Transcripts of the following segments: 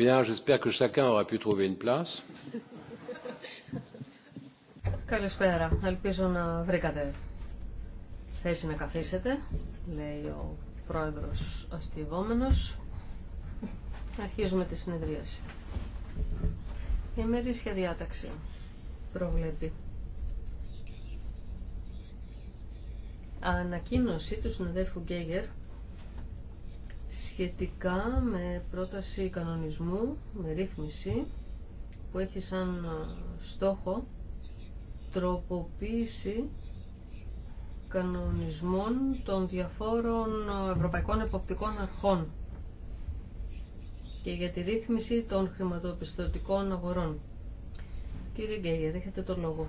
Bien, j'espère que chacun aura pu trouver une place. Καλησπέρα. Ελπίζω να βρήκατε θέση να καθίσετε, λέει ο πρόεδρος αστειευόμενος. Αρχίζουμε τη συνεδρίαση. Η ημερήσια διάταξη προβλέπει. Ανακοίνωση του συνεδέρφου Γκέγερ σχετικά με πρόταση κανονισμού, με ρύθμιση που έχει σαν στόχο τροποποίηση κανονισμών των διαφόρων ευρωπαϊκών εποπτικών αρχών και για τη ρύθμιση των χρηματοπιστωτικών αγορών. Κύριε Γκέγερ, έχετε το λόγο.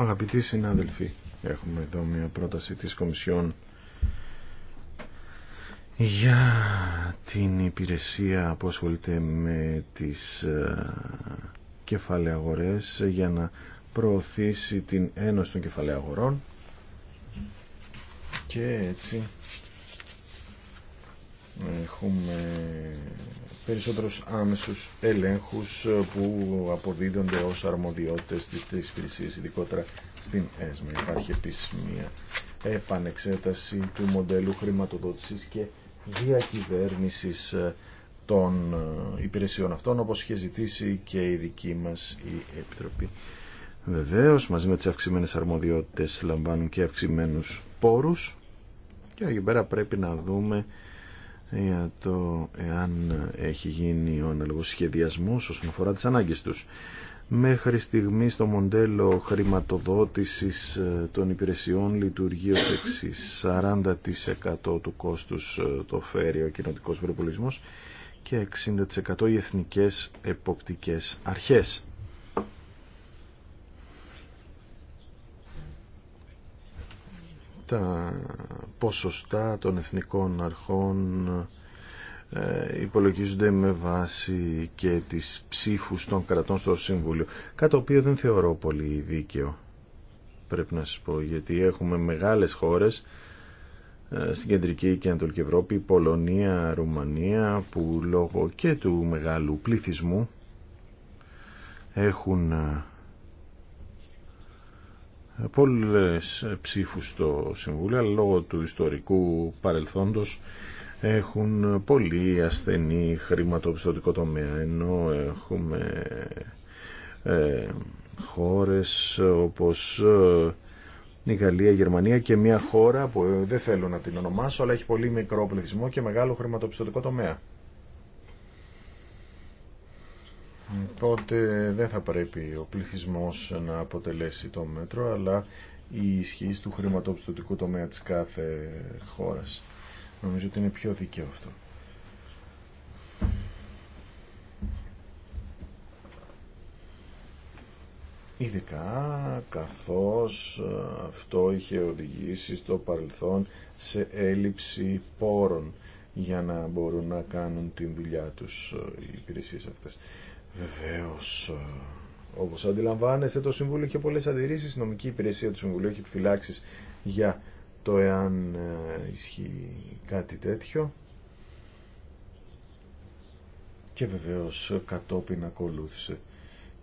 Αγαπητοί συνάδελφοι, έχουμε εδώ μια πρόταση της Κομισιόν για την υπηρεσία που ασχολείται με τις ε, κεφαλαιαγορές για να προωθήσει την ένωση των κεφαλαίων και έτσι έχουμε περισσότερους άμεσους ελέγχους ε, που αποδίδονται ως αρμοδιότητες της τρεις υπηρεσίες, ειδικότερα στην ΕΣΜΕ. Υπάρχει επίσης μια επανεξέταση του μοντέλου χρηματοδότησης και διακυβέρνησης ε, των ε, υπηρεσιών αυτών, όπως είχε ζητήσει και η δική μας η Επιτροπή. Βεβαίως, μαζί με τις αυξημένες αρμοδιότητες λαμβάνουν και αυξημένους πόρους και εκεί πέρα πρέπει να δούμε για το εάν έχει γίνει ο αναλογός σχεδιασμός όσον αφορά τις ανάγκες τους. Μέχρι στιγμή το μοντέλο χρηματοδότησης ε, των υπηρεσιών λειτουργεί ως εξής 40% του κόστους ε, το φέρει ο κοινοτικός και 60% οι εθνικές εποπτικές αρχές. τα ποσοστά των εθνικών αρχών ε, υπολογίζονται με βάση και τις ψήφους των κρατών στο Σύμβουλιο κάτι το οποίο δεν θεωρώ πολύ δίκαιο πρέπει να σας πω γιατί έχουμε μεγάλες χώρες ε, στην Κεντρική και Ανατολική Ευρώπη Πολωνία, Ρουμανία που λόγω και του μεγάλου πληθυσμού έχουν ε, πολλές ψήφους στο Συμβούλιο, αλλά λόγω του ιστορικού παρελθόντος έχουν πολύ ασθενή χρηματοπιστωτικό τομέα, ενώ έχουμε ε, χώρες όπως ε, η Γαλλία, η Γερμανία και μια χώρα που ε, δεν θέλω να την ονομάσω, αλλά έχει πολύ μικρό πληθυσμό και μεγάλο χρηματοπιστωτικό τομέα. Τότε δεν θα πρέπει ο πληθυσμός να αποτελέσει το μέτρο, αλλά η ισχύ του χρηματοπιστωτικού τομέα της κάθε χώρας. Νομίζω ότι είναι πιο δίκαιο αυτό. Ειδικά καθώς αυτό είχε οδηγήσει στο παρελθόν σε έλλειψη πόρων για να μπορούν να κάνουν την δουλειά τους οι υπηρεσίες αυτές. Βεβαίω. Ε, όπως αντιλαμβάνεστε το Συμβούλιο έχει πολλέ αντιρρήσει, η νομική υπηρεσία του Συμβουλίου έχει επιφυλάξει για το εάν ε, ισχύει κάτι τέτοιο. Και βεβαίως ε, κατόπιν ακολούθησε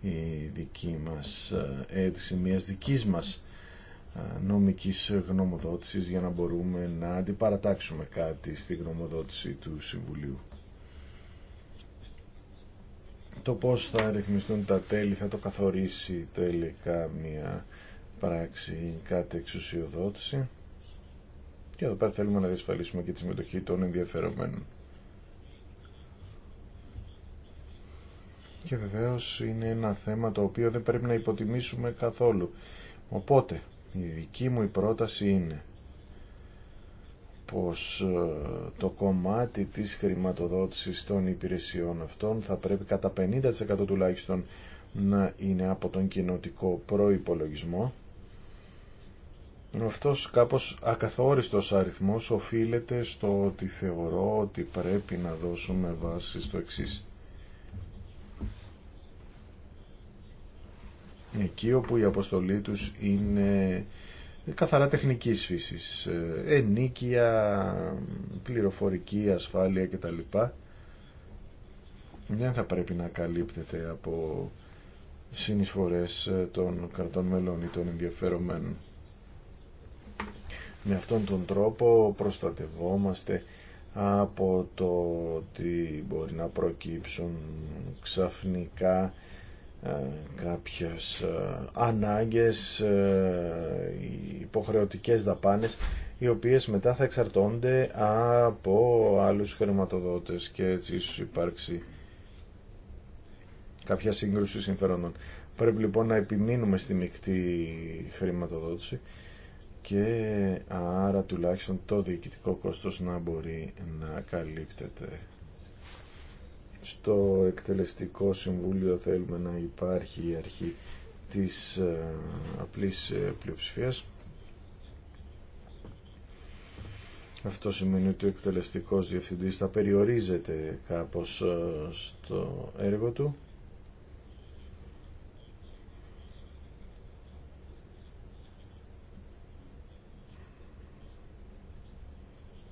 η δική μας αίτηση μιας δικής μας νομικής γνωμοδότησης για να μπορούμε να αντιπαρατάξουμε κάτι στη γνωμοδότηση του Συμβουλίου το πώς θα ρυθμιστούν τα τέλη θα το καθορίσει τελικά μια πράξη ή κάτι εξουσιοδότηση. Και εδώ πέρα θέλουμε να διασφαλίσουμε και τη συμμετοχή των ενδιαφερομένων. Και βεβαίως είναι ένα θέμα το οποίο δεν πρέπει να υποτιμήσουμε καθόλου. Οπότε, η δική μου πρόταση είναι πως ε, το κομμάτι της χρηματοδότησης των υπηρεσιών αυτών θα πρέπει κατά 50% τουλάχιστον να είναι από τον κοινοτικό προϋπολογισμό. Αυτός κάπως ακαθόριστος αριθμός οφείλεται στο ότι θεωρώ ότι πρέπει να δώσουμε βάση στο εξής. Εκεί όπου η αποστολή τους είναι ε, καθαρά τεχνικής φύσης, ε, ενίκεια, πληροφορική, ασφάλεια κτλ. Δεν θα πρέπει να καλύπτεται από συνεισφορές ε, των κρατών μελών ή των ενδιαφερομένων. Με αυτόν τον τρόπο προστατευόμαστε από το ότι μπορεί να προκύψουν ξαφνικά ε, κάποιες ε, ανάγκες, ε, υποχρεωτικές δαπάνες, οι οποίες μετά θα εξαρτώνται από άλλους χρηματοδότες και έτσι ίσως υπάρξει κάποια σύγκρουση συμφερόντων. Πρέπει λοιπόν να επιμείνουμε στη μεικτή χρηματοδότηση και άρα τουλάχιστον το διοικητικό κόστος να μπορεί να καλύπτεται στο εκτελεστικό συμβούλιο θέλουμε να υπάρχει η αρχή της ε, απλής ε, πλειοψηφίας. Αυτό σημαίνει ότι ο εκτελεστικός διευθυντής θα περιορίζεται κάπως ε, στο έργο του.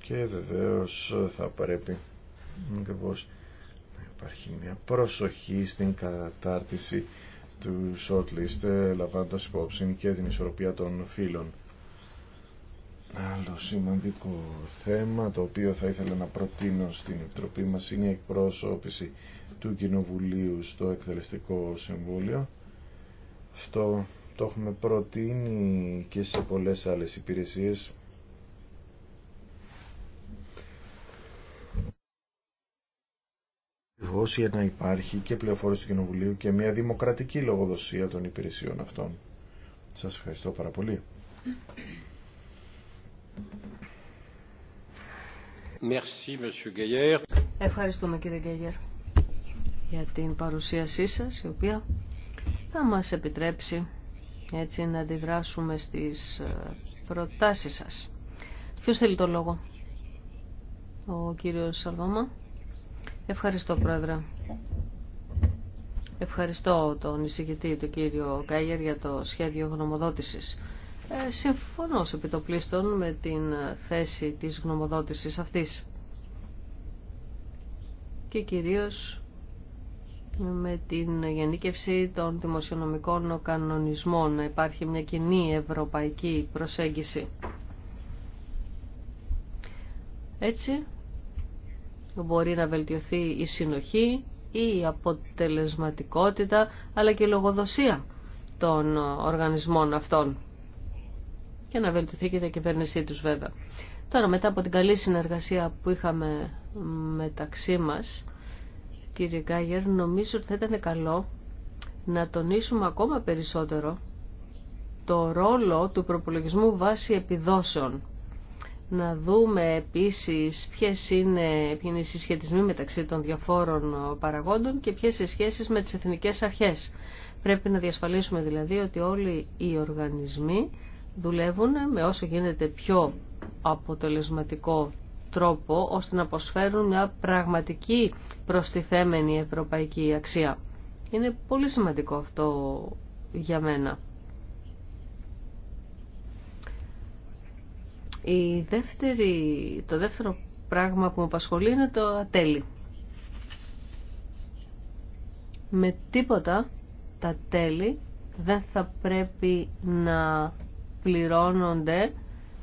Και βεβαίως θα πρέπει ακριβώς υπάρχει προσοχή στην κατάρτιση του shortlist ε, λαμβάνοντα υπόψη και την ισορροπία των φύλων. Άλλο σημαντικό θέμα το οποίο θα ήθελα να προτείνω στην Επιτροπή μας είναι η εκπρόσωπηση του Κοινοβουλίου στο Εκθελεστικό Συμβούλιο. Αυτό το έχουμε προτείνει και σε πολλές άλλες υπηρεσίες ακριβώς για να υπάρχει και πληροφόρηση του Κοινοβουλίου και μια δημοκρατική λογοδοσία των υπηρεσιών αυτών. Σας ευχαριστώ πάρα πολύ. Ευχαριστούμε κύριε Γκέγερ για την παρουσίασή σας η οποία θα μας επιτρέψει έτσι να αντιδράσουμε στις ε, προτάσεις σας. Ποιος θέλει το λόγο? Ο κύριος Σαλβόμα. Ευχαριστώ, Πρόεδρε. Ευχαριστώ τον εισηγητή, του κύριο Γκάγερ, για το σχέδιο γνωμοδότησης. Ε, συμφωνώ σε επιτοπλίστων με την θέση της γνωμοδότησης αυτής. Και κυρίως με την γενίκευση των δημοσιονομικών κανονισμών να υπάρχει μια κοινή ευρωπαϊκή προσέγγιση. Έτσι, Μπορεί να βελτιωθεί η συνοχή, η αποτελεσματικότητα, αλλά και η λογοδοσία των οργανισμών αυτών. Και να βελτιωθεί και η κυβέρνησή τους βέβαια. Τώρα μετά από την καλή συνεργασία που είχαμε μεταξύ μας, κύριε Γκάγερ, νομίζω ότι θα ήταν καλό να τονίσουμε ακόμα περισσότερο το ρόλο του προπολογισμού βάση επιδόσεων να δούμε επίσης ποιες είναι, είναι οι συσχετισμοί μεταξύ των διαφόρων παραγόντων και ποιες οι σχέσεις με τις εθνικές αρχές. Πρέπει να διασφαλίσουμε δηλαδή ότι όλοι οι οργανισμοί δουλεύουν με όσο γίνεται πιο αποτελεσματικό τρόπο ώστε να αποσφέρουν μια πραγματική προστιθέμενη ευρωπαϊκή αξία. Είναι πολύ σημαντικό αυτό για μένα. Η δεύτερη, το δεύτερο πράγμα που με απασχολεί είναι το ατέλει. Με τίποτα τα τέλη δεν θα πρέπει να πληρώνονται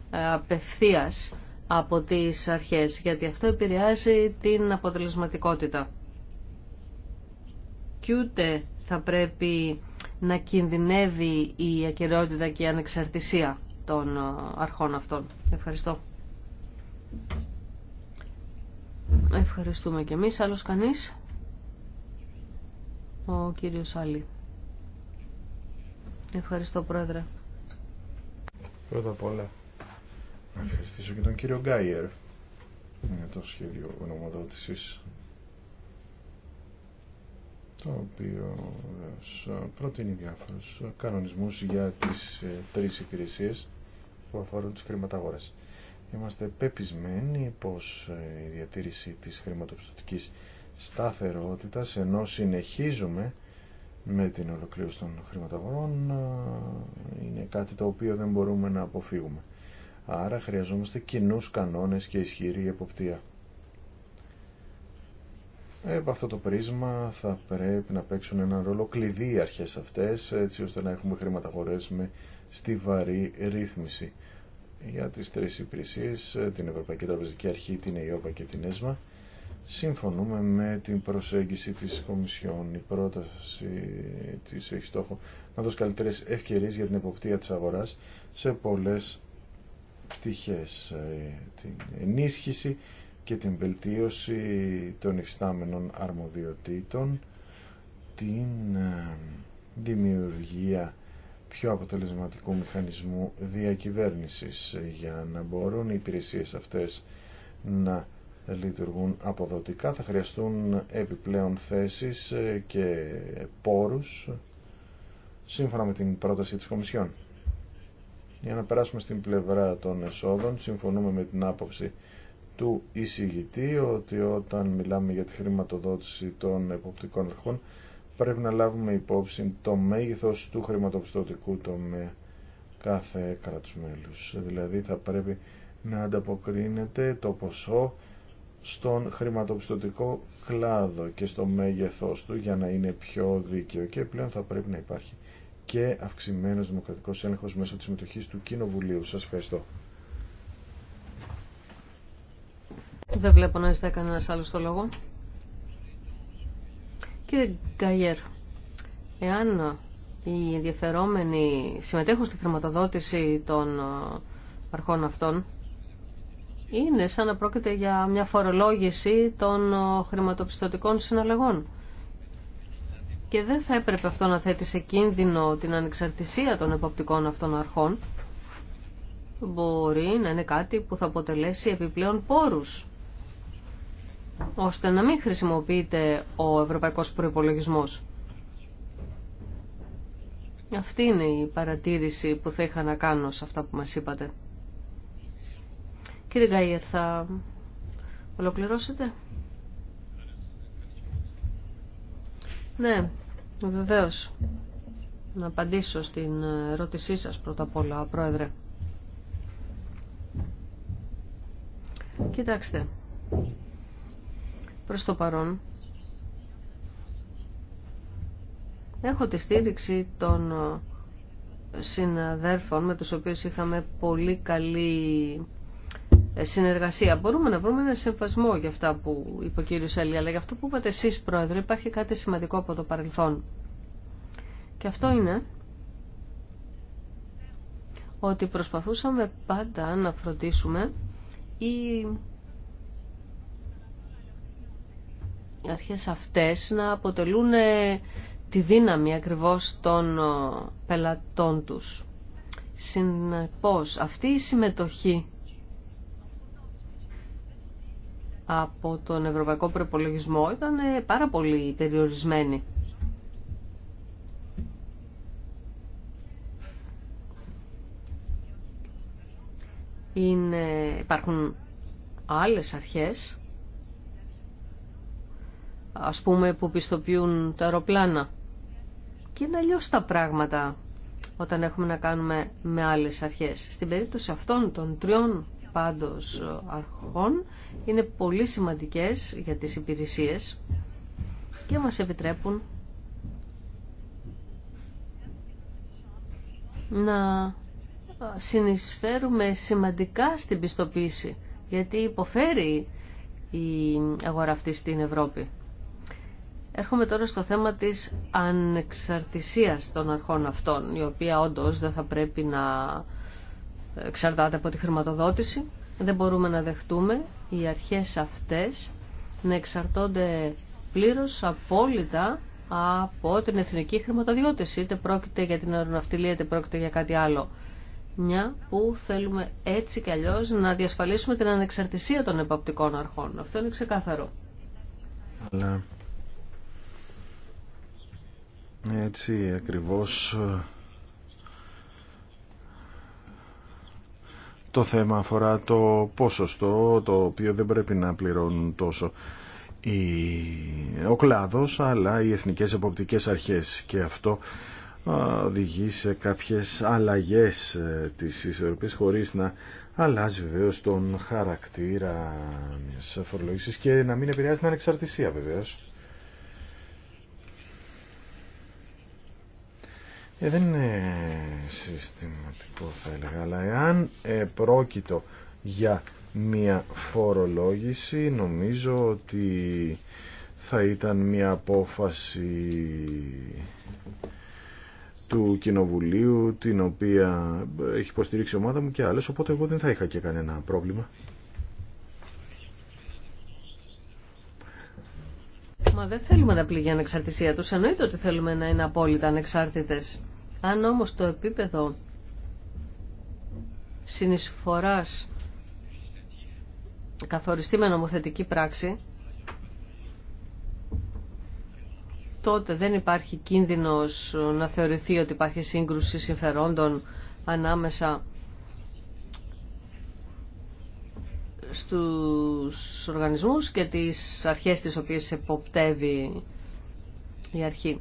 ε, απευθείας από τις αρχές, γιατί αυτό επηρεάζει την αποτελεσματικότητα. Και ούτε θα πρέπει να κινδυνεύει η ακαιρεότητα και η ανεξαρτησία των ε, αρχών αυτών. Ευχαριστώ. Ευχαριστούμε και εμείς. Άλλος κανείς. Ο κύριος Άλλη. Ευχαριστώ πρόεδρε. Πρώτα απ' όλα να ευχαριστήσω και τον κύριο Γκάιερ για το σχέδιο γνωμοδότησης το οποίο ε, προτείνει διάφορους κανονισμούς για τις ε, τρεις υπηρεσίες που αφορούν τις χρηματαγορές. Είμαστε πεπισμένοι πως ε, η διατήρηση της χρηματοπιστωτικής σταθερότητας ενώ συνεχίζουμε με την ολοκλήρωση των χρηματαγορών ε, είναι κάτι το οποίο δεν μπορούμε να αποφύγουμε. Άρα χρειαζόμαστε κοινούς κανόνες και ισχυρή εποπτεία. Επ' αυτό το πρίσμα θα πρέπει να παίξουν ένα ρόλο κλειδί οι αρχές αυτές έτσι ώστε να έχουμε χρηματαγορές με στη βαρύ ρύθμιση για τις τρεις υπηρεσίες, ε, την Ευρωπαϊκή Τραπεζική Αρχή, την ΕΙΟΠΑ και την ΕΣΜΑ. Συμφωνούμε με την προσέγγιση της Κομισιόν. Η πρόταση της έχει στόχο να δώσει καλύτερες ευκαιρίες για την εποπτεία της αγοράς σε πολλές πτυχές. Ε, την ενίσχυση και την βελτίωση των υφιστάμενων αρμοδιοτήτων, την ε, δημιουργία πιο αποτελεσματικού μηχανισμού διακυβέρνησης ε, για να μπορούν οι υπηρεσίες αυτές να λειτουργούν αποδοτικά. Θα χρειαστούν επιπλέον θέσεις ε, και πόρους σύμφωνα με την πρόταση της Κομισιόν. Για να περάσουμε στην πλευρά των εσόδων, συμφωνούμε με την άποψη του εισηγητή ότι όταν μιλάμε για τη χρηματοδότηση των εποπτικών αρχών πρέπει να λάβουμε υπόψη το μέγεθος του χρηματοπιστωτικού τομέα κάθε κράτους μέλους. Δηλαδή θα πρέπει να ανταποκρίνεται το ποσό στον χρηματοπιστωτικό κλάδο και στο μέγεθός του για να είναι πιο δίκαιο και πλέον θα πρέπει να υπάρχει και αυξημένος δημοκρατικός έλεγχος μέσω της συμμετοχής του Κοινοβουλίου. Σας ευχαριστώ. Δεν βλέπω να ζητάει κανένα άλλο το λόγο. Κύριε Γκαγιέρ, εάν οι ενδιαφερόμενοι συμμετέχουν στη χρηματοδότηση των ε, αρχών αυτών, είναι σαν να πρόκειται για μια φορολόγηση των ε, χρηματοπιστωτικών συναλλαγών. Και δεν θα έπρεπε αυτό να θέτει σε κίνδυνο την ανεξαρτησία των εποπτικών αυτών αρχών. Μπορεί να είναι κάτι που θα αποτελέσει επιπλέον πόρους ώστε να μην χρησιμοποιείται ο ευρωπαϊκός προϋπολογισμός. Αυτή είναι η παρατήρηση που θα είχα να κάνω σε αυτά που μας είπατε. Κύριε Γκάιερ, θα ολοκληρώσετε. Ναι, βεβαίως. Να απαντήσω στην ερώτησή σας πρώτα απ' όλα, Πρόεδρε. Κοιτάξτε, Προς το παρόν, έχω τη στήριξη των ε, συναδέρφων με τους οποίους είχαμε πολύ καλή ε, συνεργασία. Μπορούμε να βρούμε ένα συμφασμό για αυτά που είπε ο κύριος Έλλη αλλά για αυτό που είπατε εσείς, Πρόεδρε, υπάρχει κάτι σημαντικό από το παρελθόν. Και αυτό είναι ότι προσπαθούσαμε πάντα να φροντίσουμε η αρχές αυτές να αποτελούν ε, τη δύναμη ακριβώς των ε, πελατών τους. Συνεπώς, αυτή η συμμετοχή από τον Ευρωπαϊκό Προπολογισμό ήταν ε, πάρα πολύ περιορισμένη. Είναι, υπάρχουν άλλες αρχές ας πούμε που πιστοποιούν τα αεροπλάνα. Και είναι αλλιώ τα πράγματα όταν έχουμε να κάνουμε με άλλες αρχές. Στην περίπτωση αυτών των τριών πάντως ε, αρχών είναι πολύ σημαντικές για τις υπηρεσίες και μας επιτρέπουν να ε, συνεισφέρουμε σημαντικά στην πιστοποίηση γιατί υποφέρει η αγορά αυτή στην Ευρώπη. Έρχομαι τώρα στο θέμα της ανεξαρτησίας των αρχών αυτών, η οποία όντως δεν θα πρέπει να εξαρτάται από τη χρηματοδότηση. Δεν μπορούμε να δεχτούμε οι αρχές αυτές να εξαρτώνται πλήρως απόλυτα από την εθνική χρηματοδιώτηση, είτε πρόκειται για την αεροναυτιλία, είτε πρόκειται για κάτι άλλο. Μια που θέλουμε έτσι κι αλλιώ να διασφαλίσουμε την ανεξαρτησία των επαπτικών αρχών. Αυτό είναι ξεκάθαρο. Έτσι ακριβώς το θέμα αφορά το ποσοστό το οποίο δεν πρέπει να πληρώνουν τόσο η... ο κλάδος αλλά οι εθνικές εποπτικές αρχές και αυτό οδηγεί σε κάποιες αλλαγές ε, της ισορροπής χωρίς να αλλάζει βεβαίως τον χαρακτήρα μιας αφορολογήσης και να μην επηρεάζει την ανεξαρτησία βεβαίως. Ε, δεν είναι συστηματικό θα έλεγα, αλλά εάν ε, πρόκειτο για μια φορολόγηση νομίζω ότι θα ήταν μια απόφαση του Κοινοβουλίου την οποία έχει υποστηρίξει η ομάδα μου και άλλες οπότε εγώ δεν θα είχα και κανένα πρόβλημα. Μα δεν θέλουμε να πληγεί ανεξαρτησία τους. Εννοείται ότι θέλουμε να είναι απόλυτα ανεξάρτητες. Αν όμως το επίπεδο συνεισφοράς καθοριστεί με νομοθετική πράξη, τότε δεν υπάρχει κίνδυνος να θεωρηθεί ότι υπάρχει σύγκρουση συμφερόντων ανάμεσα στους οργανισμούς και τις αρχές τις οποίες εποπτεύει η αρχή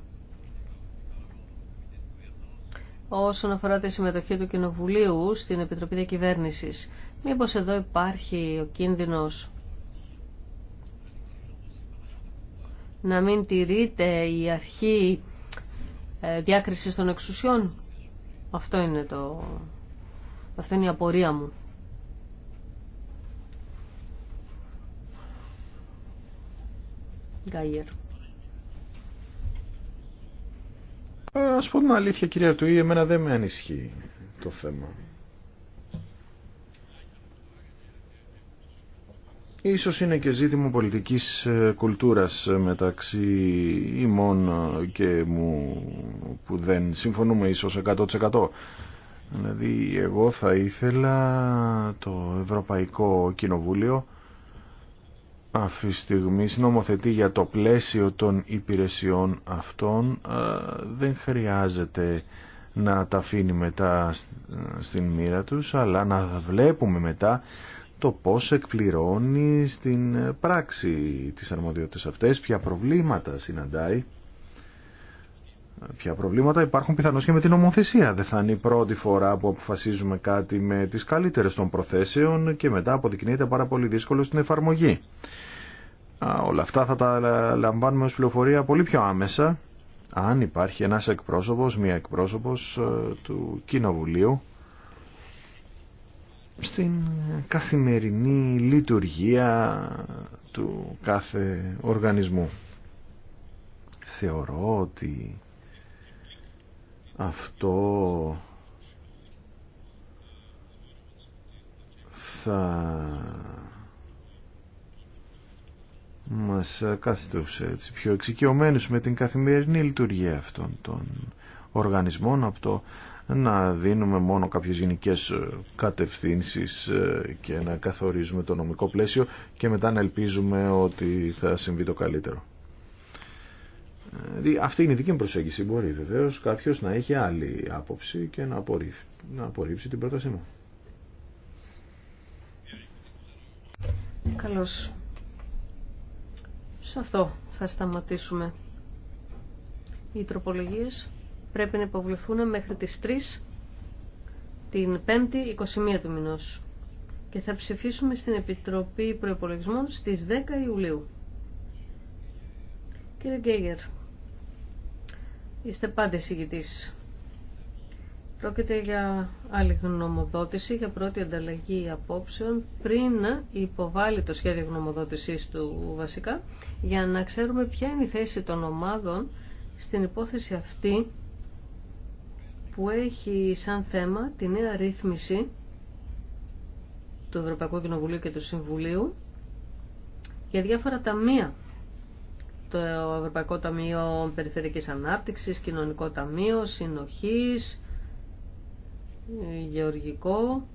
όσον αφορά τη συμμετοχή του Κοινοβουλίου στην Επιτροπή Διακυβέρνησης. Μήπως εδώ υπάρχει ο κίνδυνος να μην τηρείται η αρχή ε, διάκρισης των εξουσιών. Αυτό είναι το... Αυτό είναι η απορία μου. Γκάιερ. Ε, ας πω την αλήθεια κυρία Τουή, εμένα δεν με ανισχύει το θέμα. Ίσως είναι και ζήτημα πολιτικής ε, κουλτούρας ε, μεταξύ ημών και μου που δεν συμφωνούμε ίσως 100%. Δηλαδή εγώ θα ήθελα το Ευρωπαϊκό Κοινοβούλιο αυτή τη στιγμή νομοθετεί για το πλαίσιο των υπηρεσιών αυτών δεν χρειάζεται να τα αφήνει μετά στην μοίρα τους αλλά να βλέπουμε μετά το πώς εκπληρώνει στην πράξη τις αρμοδιότητες αυτές, ποια προβλήματα συναντάει πια προβλήματα υπάρχουν πιθανώς και με την ομοθεσία. Δεν θα είναι η πρώτη φορά που αποφασίζουμε κάτι με τις καλύτερες των προθέσεων και μετά αποδεικνύεται πάρα πολύ δύσκολο στην εφαρμογή. Όλα αυτά θα τα λαμβάνουμε ως πληροφορία πολύ πιο άμεσα αν υπάρχει ένας εκπρόσωπος, μία εκπρόσωπος ε, του Κοινοβουλίου στην καθημερινή λειτουργία του κάθε οργανισμού. Θεωρώ ότι αυτό θα μας κάθισε πιο εξοικειωμένους με την καθημερινή λειτουργία αυτών των οργανισμών από το να δίνουμε μόνο κάποιες γενικές κατευθύνσεις ε, και να καθορίζουμε το νομικό πλαίσιο και μετά να ελπίζουμε ότι θα συμβεί το καλύτερο. Αυτή είναι η δική μου προσέγγιση. Μπορεί βεβαίω. Κάποιο να έχει άλλη άποψη και να απορρίψει, να την πρότασή μου. Καλώς. Σε αυτό θα σταματήσουμε. Οι τροπολογίες πρέπει να υποβληθούν μέχρι τις 3 την 5η 21 του μηνός και θα ψηφίσουμε στην Επιτροπή Προϋπολογισμών στις 10 Ιουλίου. Κύριε Γκέγερ, Είστε πάντα εισηγητής. Πρόκειται για άλλη γνωμοδότηση, για πρώτη ανταλλαγή απόψεων, πριν υποβάλει το σχέδιο γνωμοδότησής του βασικά, για να ξέρουμε ποια είναι η θέση των ομάδων στην υπόθεση αυτή που έχει σαν θέμα τη νέα ρύθμιση του Ευρωπαϊκού Κοινοβουλίου και του Συμβουλίου για διάφορα ταμεία το Ευρωπαϊκό Ταμείο Περιφερειακής Ανάπτυξης, Κοινωνικό Ταμείο, Συνοχής, Γεωργικό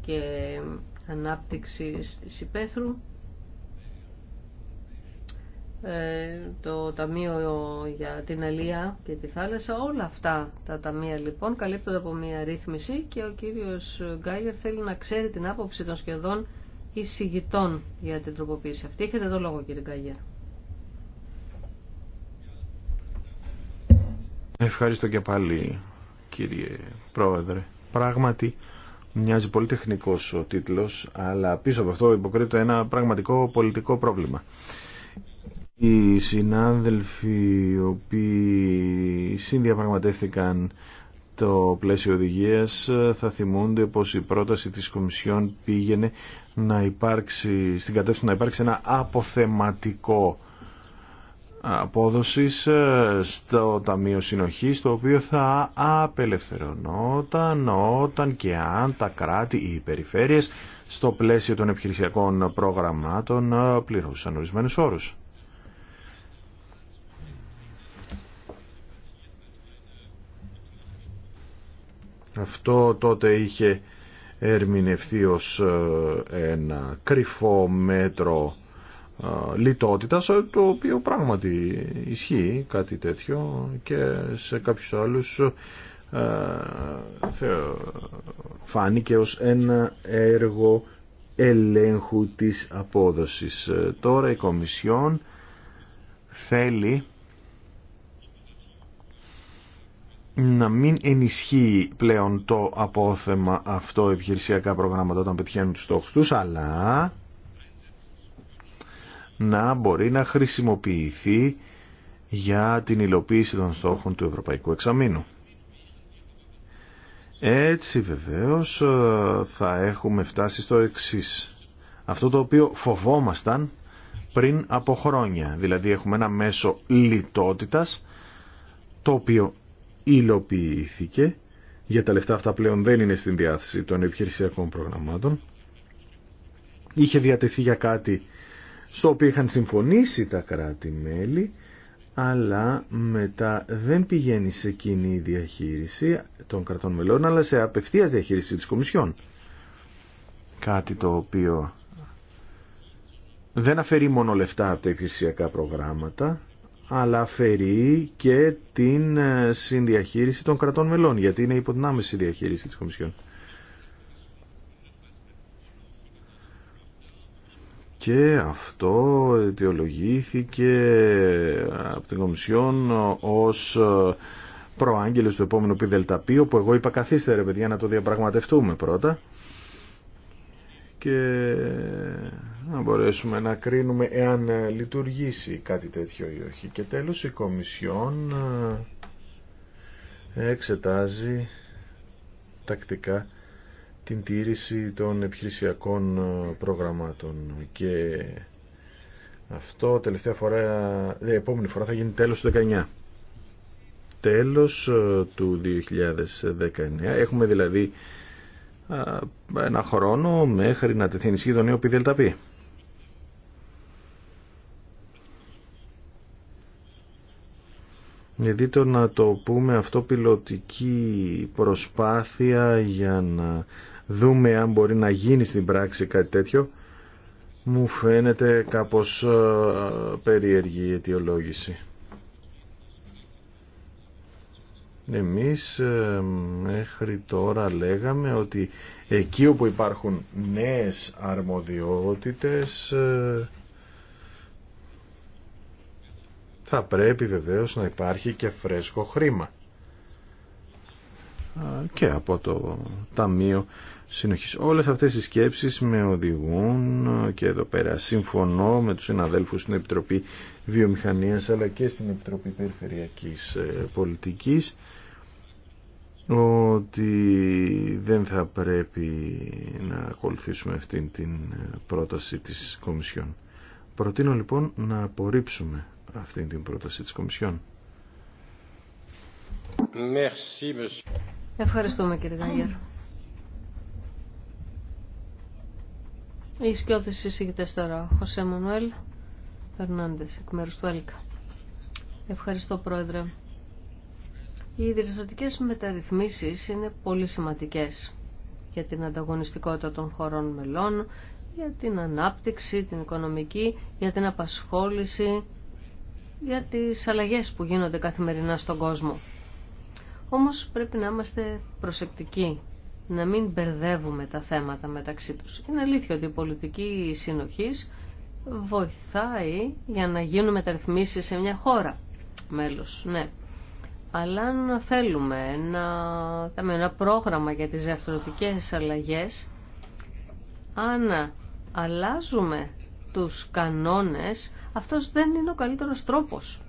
και Ανάπτυξης της Υπέθρου, ε, το Ταμείο για την Αλία και τη Θάλασσα. Όλα αυτά τα ταμεία λοιπόν καλύπτονται από μια ρύθμιση και ο κύριος Γκάγερ θέλει να ξέρει την άποψη των σχεδόν εισηγητών για την τροποποίηση αυτή. Έχετε το λόγο κύριε Γκάγερ. Ευχαριστώ και πάλι κύριε Πρόεδρε. Πράγματι μοιάζει πολύ τεχνικός ο τίτλος, αλλά πίσω από αυτό υποκρίνεται ένα πραγματικό πολιτικό πρόβλημα. Οι συνάδελφοι οι οποίοι συνδιαπραγματεύτηκαν το πλαίσιο οδηγίας θα θυμούνται πως η πρόταση της Κομισιόν πήγαινε να υπάρξει, στην κατεύθυνση να υπάρξει ένα αποθεματικό απόδοσης ε, στο Ταμείο Συνοχής το οποίο θα απελευθερωνόταν όταν και αν τα κράτη ή οι περιφέρειες στο πλαίσιο των επιχειρησιακών προγραμμάτων ε, πληρώσαν ορισμένους όρους. Αυτό τότε είχε ερμηνευτεί ως ε, ένα κρυφό μέτρο λιτότητας, ε, το οποίο πράγματι ισχύει κάτι τέτοιο και σε κάποιους άλλους ε, φάνηκε ως ένα έργο ελέγχου της απόδοσης. Ε, τώρα η Κομισιόν θέλει να μην ενισχύει πλέον το απόθεμα αυτό επιχειρησιακά προγράμματα όταν πετυχαίνουν τους στόχους τους, αλλά να μπορεί να χρησιμοποιηθεί για την υλοποίηση των στόχων του Ευρωπαϊκού Εξαμήνου. Έτσι βεβαίως ε, θα έχουμε φτάσει στο εξής. Αυτό το οποίο φοβόμασταν πριν από χρόνια. Δηλαδή έχουμε ένα μέσο λιτότητας το οποίο υλοποιήθηκε για τα λεφτά αυτά πλέον δεν είναι στην διάθεση των επιχειρησιακών προγραμμάτων. Είχε διατεθεί για κάτι στο οποίο είχαν συμφωνήσει τα κράτη-μέλη, αλλά μετά δεν πηγαίνει σε κοινή διαχείριση των κρατών μελών, αλλά σε απευθείας διαχείριση της Κομισιόν. Κάτι το οποίο δεν αφαιρεί μόνο λεφτά από τα υπηρεσιακά προγράμματα, αλλά αφαιρεί και την ε, συνδιαχείριση των κρατών μελών, γιατί είναι υπό την άμεση διαχείριση της Κομισιόν. και αυτό αιτιολογήθηκε από την Κομισιόν ως προάγγελος του επόμενου ΠΔΠ που εγώ είπα καθίστε ρε παιδιά να το διαπραγματευτούμε πρώτα και να μπορέσουμε να κρίνουμε εάν λειτουργήσει κάτι τέτοιο ή όχι. Και τέλος η Κομισιόν εξετάζει τακτικά την τήρηση των επιχειρησιακών ε, προγραμμάτων και αυτό τελευταία φορά, η επόμενη φορά θα γίνει τέλος του 19. Τέλος ε, του 2019. Έχουμε δηλαδή ε, ένα χρόνο μέχρι να τεθεί ενισχύει το νέο πιδελταπή. Γιατί ε, το να το πούμε αυτό πιλωτική προσπάθεια για να δούμε αν μπορεί να γίνει στην πράξη κάτι τέτοιο μου φαίνεται κάπως ε, περίεργη η αιτιολόγηση. Εμείς ε, μέχρι τώρα λέγαμε ότι εκεί όπου υπάρχουν νέες αρμοδιότητες θα πρέπει βεβαίως να υπάρχει και φρέσκο χρήμα και από το Ταμείο Συνοχής. Όλες αυτές οι σκέψεις με οδηγούν και εδώ πέρα συμφωνώ με τους συναδέλφους στην Επιτροπή Βιομηχανίας αλλά και στην Επιτροπή Περιφερειακής ε, Πολιτικής ότι δεν θα πρέπει να ακολουθήσουμε αυτήν την ε, πρόταση της Κομισιόν. Προτείνω λοιπόν να απορρίψουμε αυτή την πρόταση της Κομισιόν. Ευχαριστούμε κύριε Γαγιέρ. Η σκιώδες εισηγητές τώρα. Χωσέ Μανουέλ Φερνάντε, εκ μέρους του ΕΛΚΑ. Ευχαριστώ πρόεδρε. Οι διευθυντικές μεταρρυθμίσεις είναι πολύ σημαντικές για την ανταγωνιστικότητα των χωρών μελών, για την ανάπτυξη, την οικονομική, για την απασχόληση, για τις αλλαγές που γίνονται καθημερινά στον κόσμο. Όμως πρέπει να είμαστε προσεκτικοί, να μην μπερδεύουμε τα θέματα μεταξύ τους. Είναι αλήθεια ότι η πολιτική συνοχής βοηθάει για να γίνουν μεταρρυθμίσεις σε μια χώρα μέλος, ναι. Αλλά αν θέλουμε ένα, ένα πρόγραμμα για τις διαφορετικές αλλαγές, αν αλλάζουμε τους κανόνες, αυτός δεν είναι ο καλύτερος τρόπος.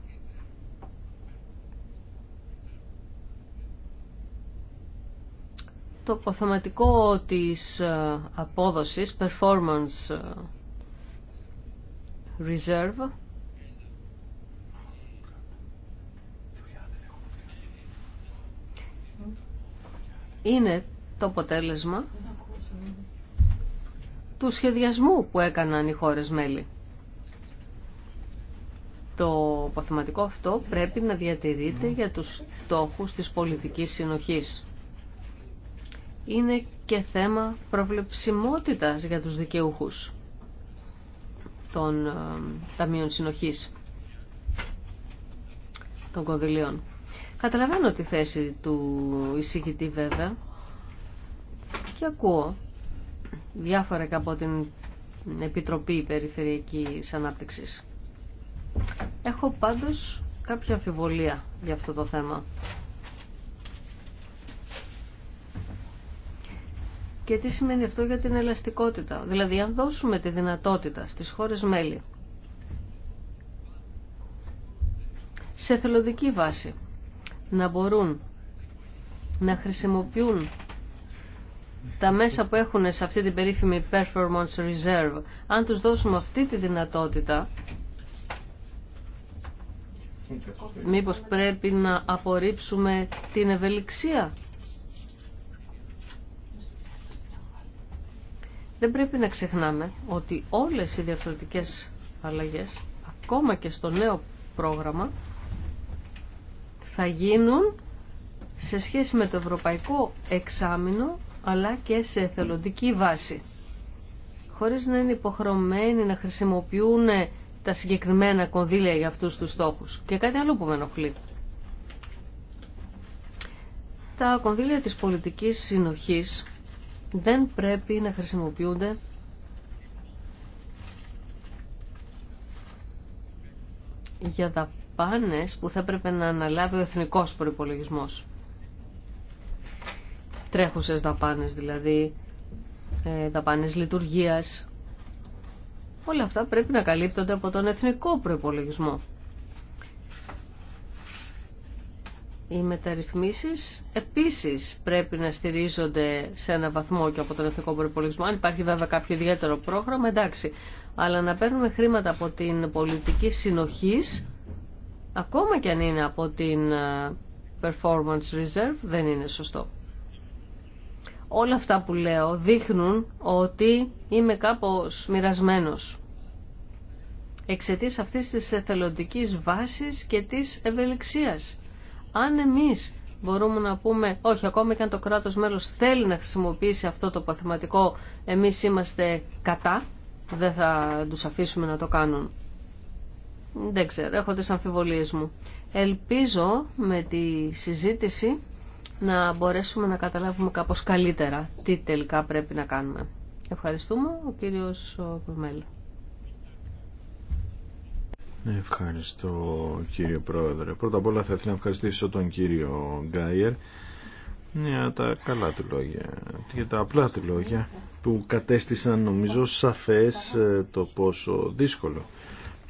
Το αποθεματικό της ε, απόδοσης, performance ε, reserve, είναι το αποτέλεσμα του σχεδιασμού που έκαναν οι χώρες μέλη. Το αποθεματικό αυτό πρέπει να διατηρείται για τους στόχους της πολιτικής συνοχής. Είναι και θέμα προβλεψιμότητας για τους δικαιούχους των ε, Ταμείων Συνοχής, των κονδυλίων. Καταλαβαίνω τη θέση του εισηγητή βέβαια και ακούω διάφορα και από την Επιτροπή Περιφερειακής Ανάπτυξης. Έχω πάντως κάποια αμφιβολία για αυτό το θέμα. Και τι σημαίνει αυτό για την ελαστικότητα. Δηλαδή, αν δώσουμε τη δυνατότητα στις χώρες μέλη σε θελοντική βάση να μπορούν να χρησιμοποιούν τα μέσα που έχουν σε αυτή την περίφημη performance reserve, αν τους δώσουμε αυτή τη δυνατότητα, μήπως πρέπει να απορρίψουμε την ευελιξία. Δεν πρέπει να ξεχνάμε ότι όλες οι διαφορετικές αλλαγές, ακόμα και στο νέο πρόγραμμα, θα γίνουν σε σχέση με το ευρωπαϊκό εξάμεινο αλλά και σε εθελοντική βάση χωρίς να είναι υποχρεωμένοι να χρησιμοποιούν τα συγκεκριμένα κονδύλια για αυτούς τους στόχους. Και κάτι άλλο που με ενοχλεί. Τα κονδύλια της πολιτικής συνοχής δεν πρέπει να χρησιμοποιούνται για δαπάνες που θα έπρεπε να αναλάβει ο εθνικός προϋπολογισμός τρέχουσες δαπάνες δηλαδή, ε, δαπάνες λειτουργίας. Όλα αυτά πρέπει να καλύπτονται από τον εθνικό προϋπολογισμό. Οι μεταρρυθμίσεις επίσης πρέπει να στηρίζονται σε ένα βαθμό και από τον εθνικό προϋπολογισμό. Αν υπάρχει βέβαια κάποιο ιδιαίτερο πρόγραμμα, εντάξει. Αλλά να παίρνουμε χρήματα από την πολιτική συνοχής, ακόμα και αν είναι από την ε, performance reserve, δεν είναι σωστό. Όλα αυτά που λέω δείχνουν ότι είμαι κάπως μοιρασμένο. Εξαιτίας αυτής της εθελοντικής βάσης και της ευελιξίας. Αν εμείς μπορούμε να πούμε, όχι, ακόμα και αν το κράτος μέλος θέλει να χρησιμοποιήσει αυτό το παθηματικό, εμείς είμαστε κατά, δεν θα τους αφήσουμε να το κάνουν. Δεν ξέρω, έχω τις αμφιβολίες μου. Ελπίζω με τη συζήτηση να μπορέσουμε να καταλάβουμε κάπως καλύτερα τι τελικά πρέπει να κάνουμε. Ευχαριστούμε. Ο κύριος Κουρμέλη. Ευχαριστώ κύριε Πρόεδρε. Πρώτα απ' όλα θα ήθελα να ευχαριστήσω τον κύριο Γκάιερ για τα καλά του λόγια, για τα απλά του λόγια που κατέστησαν νομίζω σαφές ε, το πόσο δύσκολο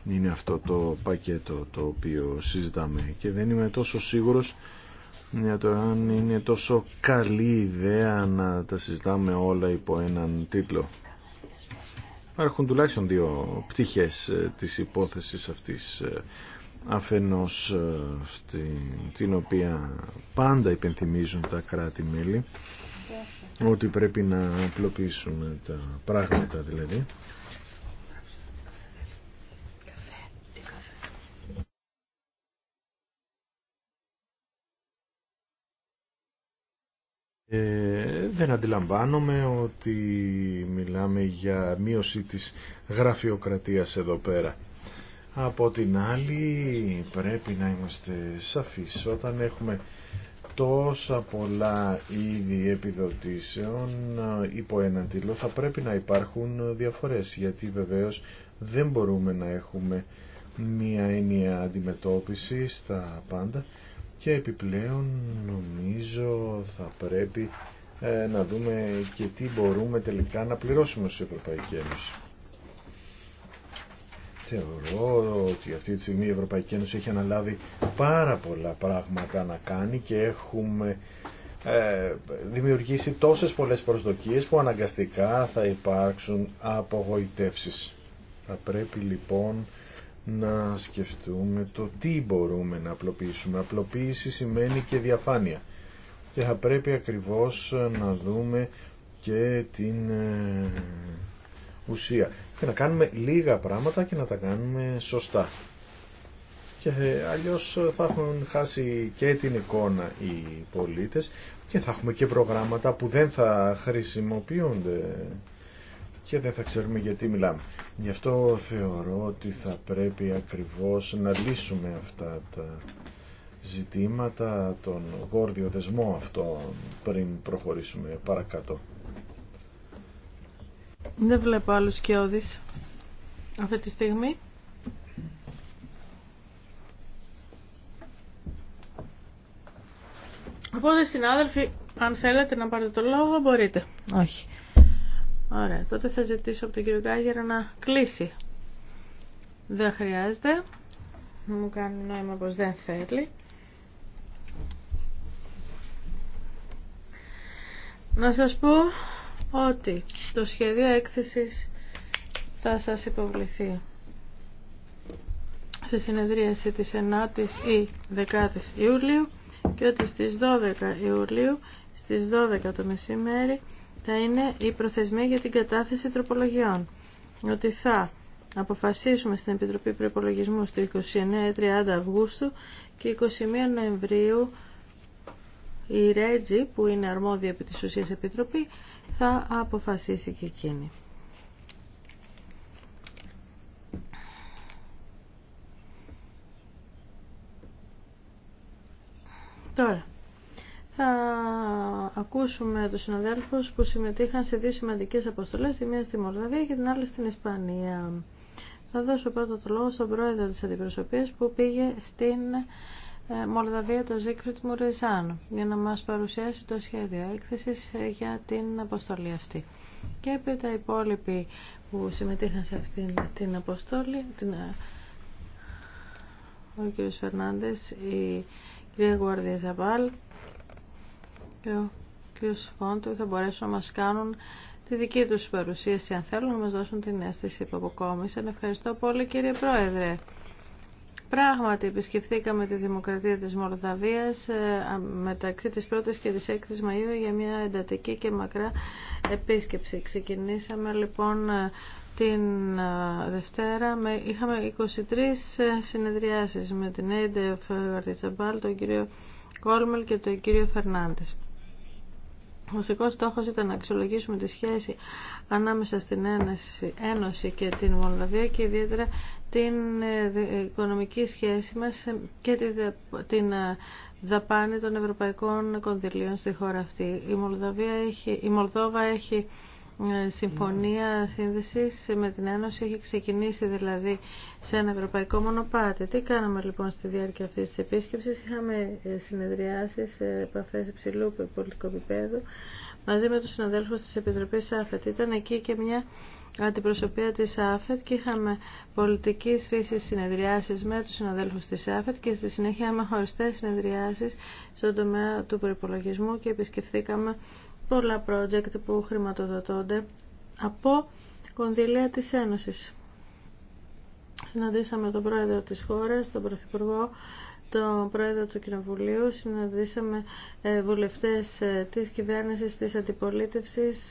είναι αυτό το πακέτο το οποίο συζητάμε και δεν είμαι τόσο σίγουρος για ναι, το αν είναι τόσο καλή ιδέα να τα συζητάμε όλα υπό έναν τίτλο. Υπάρχουν τουλάχιστον δύο πτυχές ε, της υπόθεσης αυτής ε, αφενός ε, αυτή, την οποία πάντα υπενθυμίζουν τα κράτη-μέλη ότι πρέπει να απλοποιήσουν τα πράγματα δηλαδή Ε, δεν αντιλαμβάνομαι ότι μιλάμε για μείωση της γραφειοκρατίας εδώ πέρα. Από την άλλη πρέπει να είμαστε σαφείς όταν έχουμε τόσα πολλά είδη επιδοτήσεων ε, υπό έναν τίτλο θα πρέπει να υπάρχουν διαφορές γιατί βεβαίως δεν μπορούμε να έχουμε μία έννοια αντιμετώπιση στα πάντα και επιπλέον νομίζω θα πρέπει ε, να δούμε και τι μπορούμε τελικά να πληρώσουμε στην Ευρωπαϊκή Ένωση. Θεωρώ ότι αυτή τη στιγμή η Ευρωπαϊκή Ένωση έχει αναλάβει πάρα πολλά πράγματα να κάνει και έχουμε ε, δημιουργήσει τόσες πολλές προσδοκίες που αναγκαστικά θα υπάρξουν απογοητεύσεις. Θα πρέπει λοιπόν να σκεφτούμε το τι μπορούμε να απλοποιήσουμε. Απλοποίηση σημαίνει και διαφάνεια. Και θα πρέπει ακριβώς ε, να δούμε και την ε, ουσία. Και να κάνουμε λίγα πράγματα και να τα κάνουμε σωστά. Και ε, αλλιώς θα έχουν χάσει και την εικόνα οι πολίτες και θα έχουμε και προγράμματα που δεν θα χρησιμοποιούνται και δεν θα ξέρουμε γιατί μιλάμε. Γι' αυτό θεωρώ ότι θα πρέπει ακριβώς να λύσουμε αυτά τα ζητήματα, τον γόρδιο δεσμό αυτό πριν προχωρήσουμε παρακάτω. Δεν βλέπω άλλους σκιώδεις αυτή τη στιγμή. Οπότε συνάδελφοι, αν θέλετε να πάρετε το λόγο μπορείτε. Όχι. Ωραία, τότε θα ζητήσω από τον κύριο Γκάγερα να κλείσει. Δεν χρειάζεται. Μου κάνει νόημα πως δεν θέλει. Να σας πω ότι το σχέδιο έκθεσης θα σας υποβληθεί στη συνεδρίαση της 9ης ή 10ης Ιουλίου και ότι στις 12 Ιουλίου, στις 12 το μεσημέρι, θα είναι η προθεσμία για την κατάθεση τροπολογιών. Ότι θα αποφασίσουμε στην Επιτροπή Προπολογισμού στο 29-30 Αυγούστου και 21 Νοεμβρίου η Ρέτζη, που είναι αρμόδια επί της ουσίας Επιτροπή, θα αποφασίσει και εκείνη. Τώρα, θα ακούσουμε τους συναδέλφους που συμμετείχαν σε δύο σημαντικές αποστολές, τη μία στη Μολδαβία και την άλλη στην Ισπανία. Θα δώσω πρώτα το λόγο στον πρόεδρο της αντιπροσωπείας που πήγε στην ε, Μολδαβία, τον Ζίκφριτ Μουριζάν, για να μας παρουσιάσει το σχέδιο έκθεσης ε, για την αποστολή αυτή. Και έπειτα οι υπόλοιποι που συμμετείχαν σε αυτή την αποστολή, την, ε, ο κ. Φερνάντες, η κ. Γουάρδια Ζαμπάλ, και ο κ. Φόντου θα μπορέσουν να μας κάνουν τη δική τους παρουσίαση αν θέλουν να μας δώσουν την αίσθηση που αποκόμισαν. Ευχαριστώ πολύ κύριε Πρόεδρε. Πράγματι, επισκεφθήκαμε τη Δημοκρατία της Μολδαβία ε, μεταξύ της 1ης και της 6ης Μαΐου για μια εντατική και μακρά επίσκεψη. Ξεκινήσαμε λοιπόν ε, την ε, Δευτέρα με, είχαμε 23 συνεδριάσεις με την ADF Γαρτιτσαμπάλ, τον κύριο Κόλμελ και τον κύριο Φερνάντες βασικός στόχος ήταν να αξιολογήσουμε τη σχέση ανάμεσα στην Ένωση και την Μολδαβία και ιδιαίτερα την ε, οικονομική σχέση μας και την ε, δαπάνη των ευρωπαϊκών κονδυλίων στη χώρα αυτή. Η, Μολδαβία έχει, η Μολδόβα έχει ε, συμφωνία σύνδεσης με την Ένωση έχει ξεκινήσει δηλαδή σε ένα ευρωπαϊκό μονοπάτι. Τι κάναμε λοιπόν στη διάρκεια αυτής της επίσκεψης. Είχαμε ε, συνεδριάσεις, ε, επαφές υψηλού πολιτικού επίπεδου μαζί με τους συναδέλφους της Επιτροπής ΑΦΕΤ. Ήταν εκεί και μια αντιπροσωπεία της ΑΦΕΤ και είχαμε πολιτικής φύσης συνεδριάσεις με τους συναδέλφους της ΑΦΕΤ και στη συνέχεια είχαμε χωριστέ συνεδριάσεις στον τομέα του προπολογισμού και επισκεφθήκαμε πολλά project που χρηματοδοτώνται από κονδυλία της Ένωσης. Συναντήσαμε τον πρόεδρο της χώρας, τον πρωθυπουργό, τον πρόεδρο του Κοινοβουλίου, συναντήσαμε ε, βουλευτές ε, της κυβέρνησης, της αντιπολίτευσης,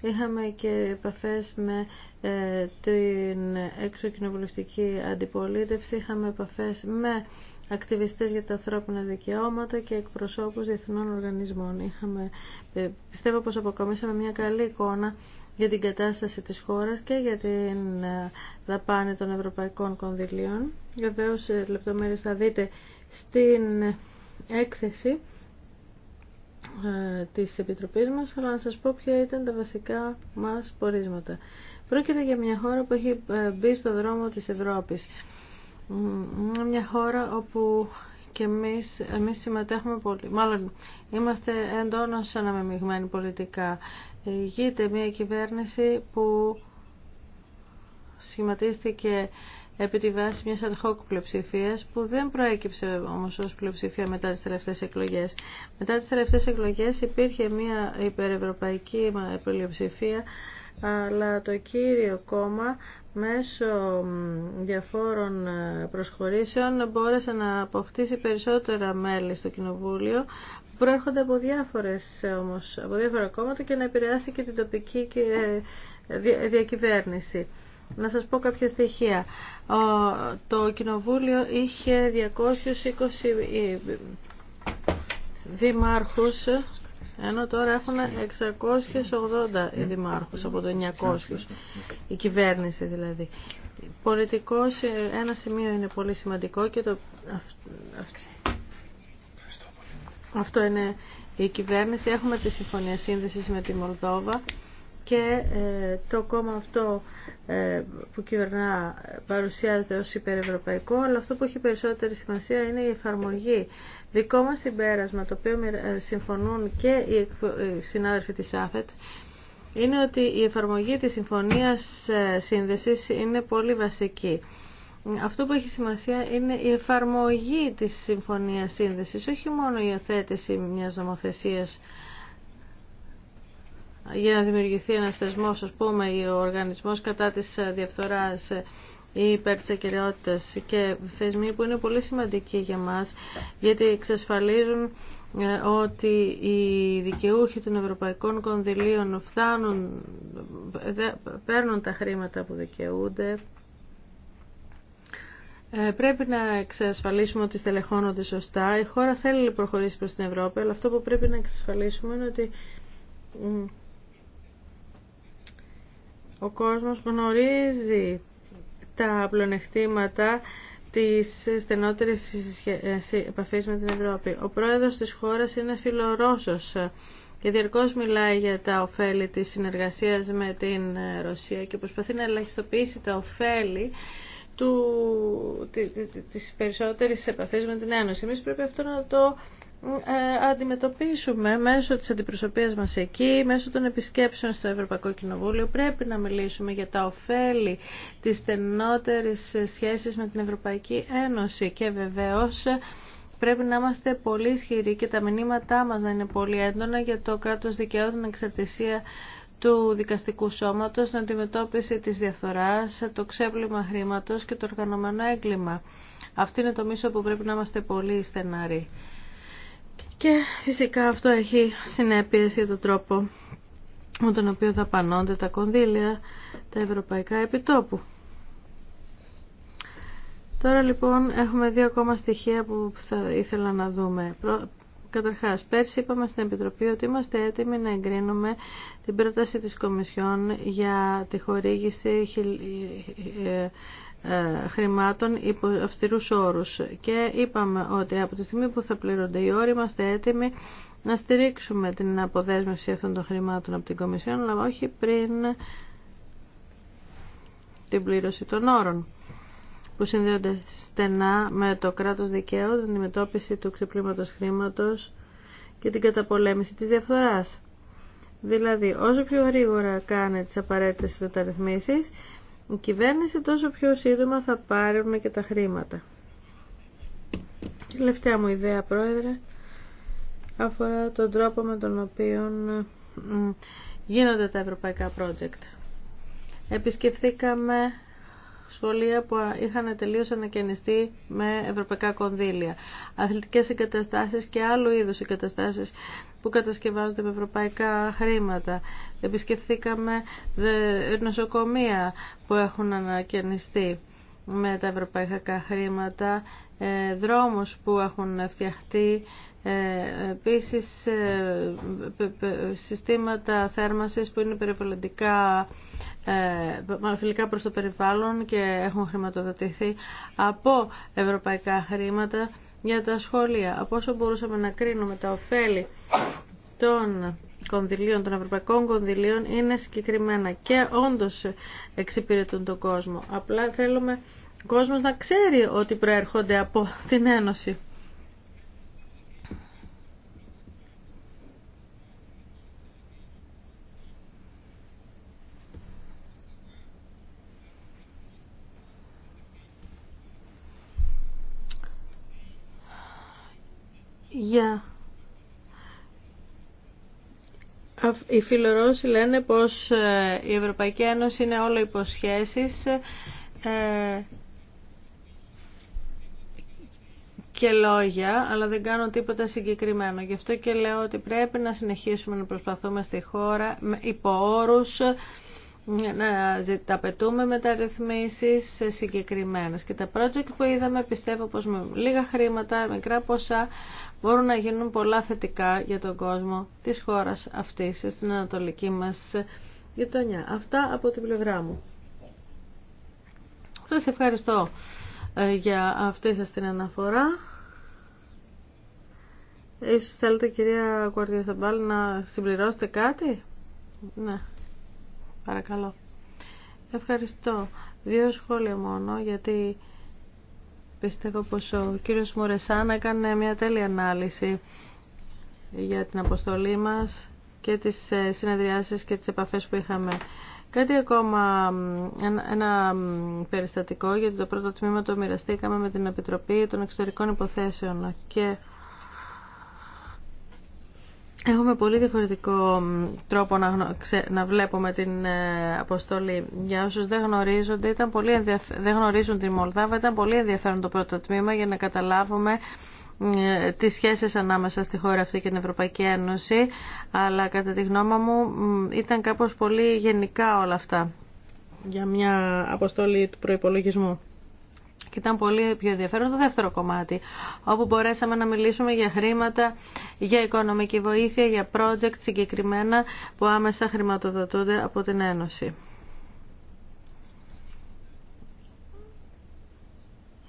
είχαμε και επαφές με ε, την εξωκοινοβουλευτική αντιπολίτευση, είχαμε επαφές με ακτιβιστές για τα ανθρώπινα δικαιώματα και εκπροσώπους διεθνών οργανισμών. Είχαμε, ε, πιστεύω πως αποκομίσαμε μια καλή εικόνα για την κατάσταση της χώρας και για την ε, δαπάνη των ευρωπαϊκών κονδυλίων. Βεβαίω ε, λεπτομέρειες θα δείτε στην έκθεση της Επιτροπής μας, αλλά να σας πω ποια ήταν τα βασικά μας πορίσματα. Πρόκειται για μια χώρα που έχει μπει στο δρόμο της Ευρώπης μια χώρα όπου και εμείς, εμείς συμμετέχουμε πολύ. Μάλλον είμαστε εντόνως αναμεμειγμένοι πολιτικά. Γείται μια κυβέρνηση που σχηματίστηκε επί τη βάση μιας ad πλειοψηφίας που δεν προέκυψε όμως ως πλειοψηφία μετά τις τελευταίες εκλογές. Μετά τις τελευταίες εκλογές υπήρχε μια υπερευρωπαϊκή πλειοψηφία αλλά το κύριο κόμμα μέσω διαφόρων ε, προσχωρήσεων μπόρεσε να αποκτήσει περισσότερα μέλη στο Κοινοβούλιο που προέρχονται από, διάφορες, ε, όμως, από διάφορα κόμματα και να επηρεάσει και την τοπική ε, διακυβέρνηση. Να σας πω κάποια στοιχεία. Το Κοινοβούλιο είχε 220 δημάρχους ενώ τώρα έχουν 680 οι δημάρχους από το 900, η κυβέρνηση δηλαδή. Πολιτικός ε, ένα σημείο είναι πολύ σημαντικό και το... Αυτό είναι η κυβέρνηση. Έχουμε τη συμφωνία σύνδεσης με τη Μολδόβα και ε, το κόμμα αυτό ε, που κυβερνά παρουσιάζεται ως υπερευρωπαϊκό, αλλά αυτό που έχει περισσότερη σημασία είναι η εφαρμογή. Δικό μας συμπέρασμα, το οποίο ε, συμφωνούν και οι συνάδελφοι της ΑΦΕΤ, είναι ότι η εφαρμογή της συμφωνίας σύνδεσης είναι πολύ βασική. Αυτό που έχει σημασία είναι η εφαρμογή της συμφωνίας σύνδεσης, όχι μόνο η οθέτηση μιας νομοθεσίας για να δημιουργηθεί ένας θεσμός, ας πούμε, ή ο οργανισμός κατά της διαφθοράς ή υπέρ της και θεσμοί που είναι πολύ σημαντικοί για μας γιατί εξασφαλίζουν ε, ότι οι δικαιούχοι των ευρωπαϊκών κονδυλίων φτάνουν, παίρνουν τα χρήματα που δικαιούνται ε, πρέπει να εξασφαλίσουμε ότι στελεχώνονται σωστά. Η χώρα θέλει να προχωρήσει προς την Ευρώπη, αλλά αυτό που πρέπει να εξασφαλίσουμε είναι ότι ο κόσμος γνωρίζει τα πλονεκτήματα της στενότερης ε, επαφής με την Ευρώπη. Ο πρόεδρος της χώρας είναι φιλορώσος και διαρκώς μιλάει για τα ωφέλη της συνεργασίας με την ε, Ρωσία και προσπαθεί να ελαχιστοποιήσει τα ωφέλη του, της περισσότερης επαφής με την Ένωση. Εμείς πρέπει αυτό να το ε, αντιμετωπίσουμε μέσω της αντιπροσωπείας μας εκεί, μέσω των επισκέψεων στο Ευρωπαϊκό Κοινοβούλιο. Πρέπει να μιλήσουμε για τα ωφέλη της στενότερης σχέσης με την Ευρωπαϊκή Ένωση και βεβαίως πρέπει να είμαστε πολύ ισχυροί και τα μηνύματά μας να είναι πολύ έντονα για το κράτος δικαίου, την εξαρτησία του δικαστικού σώματος, την αντιμετώπιση της διαφθοράς, το ξέπλυμα χρήματος και το οργανωμένο έγκλημα. Αυτή είναι το μίσο που πρέπει να είμαστε πολύ στεναροί. Και φυσικά αυτό έχει συνέπειες για τον τρόπο με τον οποίο θα πανώνται τα κονδύλια τα ευρωπαϊκά επιτόπου. Τώρα λοιπόν έχουμε δύο ακόμα στοιχεία που θα ήθελα να δούμε. Καταρχά, πέρσι είπαμε στην Επιτροπή ότι είμαστε έτοιμοι να εγκρίνουμε την πρόταση της Κομισιόν για τη χορήγηση ε, ε, χρημάτων υπό αυστηρούς όρους και είπαμε ότι από τη στιγμή που θα πληρώνται οι όροι είμαστε έτοιμοι να στηρίξουμε την αποδέσμευση αυτών των χρημάτων από την Κομισιόν αλλά όχι πριν την πλήρωση των όρων που συνδέονται στενά με το κράτος δικαίου, την αντιμετώπιση του ξεπλήματος χρήματος και την καταπολέμηση της διαφθοράς. Δηλαδή, όσο πιο γρήγορα κάνει τις απαραίτητες μεταρρυθμίσεις, η κυβέρνηση, τόσο πιο σύντομα θα πάρουμε και τα χρήματα. Τελευταία μου ιδέα, Πρόεδρε, αφορά τον τρόπο με τον οποίο γίνονται τα ευρωπαϊκά project. Επισκεφθήκαμε σχολεία που είχαν τελείως ανακαινιστεί με ευρωπαϊκά κονδύλια, αθλητικές εγκαταστάσεις και άλλου είδους εγκαταστάσεις που κατασκευάζονται με ευρωπαϊκά χρήματα. Επισκεφθήκαμε νοσοκομεία που έχουν ανακαινιστεί με τα ευρωπαϊκά χρήματα, ε, δρόμους που έχουν φτιαχτεί ε, επίσης, ε, συστήματα θέρμανσης που είναι περιβαλλοντικά ε, φιλικά προς το περιβάλλον και έχουν χρηματοδοτηθεί από ευρωπαϊκά χρήματα για τα σχόλια. Από όσο μπορούσαμε να κρίνουμε τα ωφέλη των κονδυλίων, των ευρωπαϊκών κονδυλίων είναι συγκεκριμένα και όντως εξυπηρετούν τον κόσμο. Απλά θέλουμε ο κόσμος να ξέρει ότι προέρχονται από την Ένωση. για οι φιλορώσοι λένε πως ε, η Ευρωπαϊκή Ένωση είναι όλο υποσχέσεις ε, και λόγια, αλλά δεν κάνουν τίποτα συγκεκριμένο. Γι' αυτό και λέω ότι πρέπει να συνεχίσουμε να προσπαθούμε στη χώρα υπό όρους να ζηταπετούμε μεταρρυθμίσεις συγκεκριμένες. Και τα project που είδαμε πιστεύω πως με λίγα χρήματα, μικρά ποσά μπορούν να γίνουν πολλά θετικά για τον κόσμο της χώρας αυτής στην ανατολική μας γειτονιά. Αυτά από την πλευρά μου. Σας ευχαριστώ ε, για αυτή σας την αναφορά. Ίσως θέλετε κυρία Κουαρτιαθαμπάλ να συμπληρώσετε κάτι. Ναι. Παρακαλώ. Ευχαριστώ. Δύο σχόλια μόνο, γιατί πιστεύω πως ο κύριος Μουρεσάν έκανε μια τέλεια ανάλυση για την αποστολή μας και τις ε, συνεδριάσεις και τις επαφές που είχαμε. Κάτι ακόμα, ένα περιστατικό, γιατί το πρώτο τμήμα το μοιραστήκαμε με την Επιτροπή των Εξωτερικών Υποθέσεων και Έχουμε πολύ διαφορετικό τρόπο να, βλέπουμε την ε, αποστολή. Για όσους δεν, γνωρίζονται, ήταν πολύ δεν γνωρίζουν την Μολδάβα, ήταν πολύ ενδιαφέρον το πρώτο τμήμα για να καταλάβουμε ε, τις σχέσεις ανάμεσα στη χώρα αυτή και την Ευρωπαϊκή Ένωση, αλλά κατά τη γνώμη μου ήταν κάπως πολύ γενικά όλα αυτά για μια αποστολή του προϋπολογισμού και ήταν πολύ πιο ενδιαφέρον το δεύτερο κομμάτι, όπου μπορέσαμε να μιλήσουμε για χρήματα, για οικονομική βοήθεια, για project συγκεκριμένα που άμεσα χρηματοδοτούνται από την Ένωση.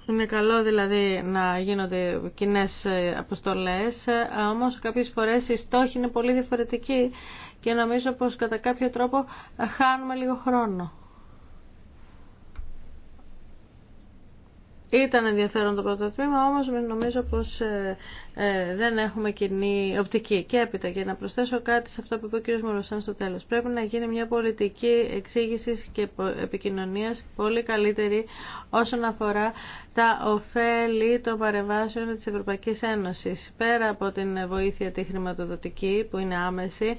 Είναι καλό δηλαδή να γίνονται κοινέ αποστολές, όμως κάποιες φορές οι στόχοι είναι πολύ διαφορετικοί και νομίζω πως κατά κάποιο τρόπο χάνουμε λίγο χρόνο. Ήταν ενδιαφέρον το πρώτο τμήμα, όμως νομίζω πως ε, ε, δεν έχουμε κοινή οπτική. Και έπειτα, για να προσθέσω κάτι σε αυτό που είπε ο κ. στο τέλος, πρέπει να γίνει μια πολιτική εξήγηση και επικοινωνίας πολύ καλύτερη όσον αφορά τα ωφέλη των παρεμβάσεων της Ευρωπαϊκής Ένωσης. Πέρα από την βοήθεια τη χρηματοδοτική που είναι άμεση,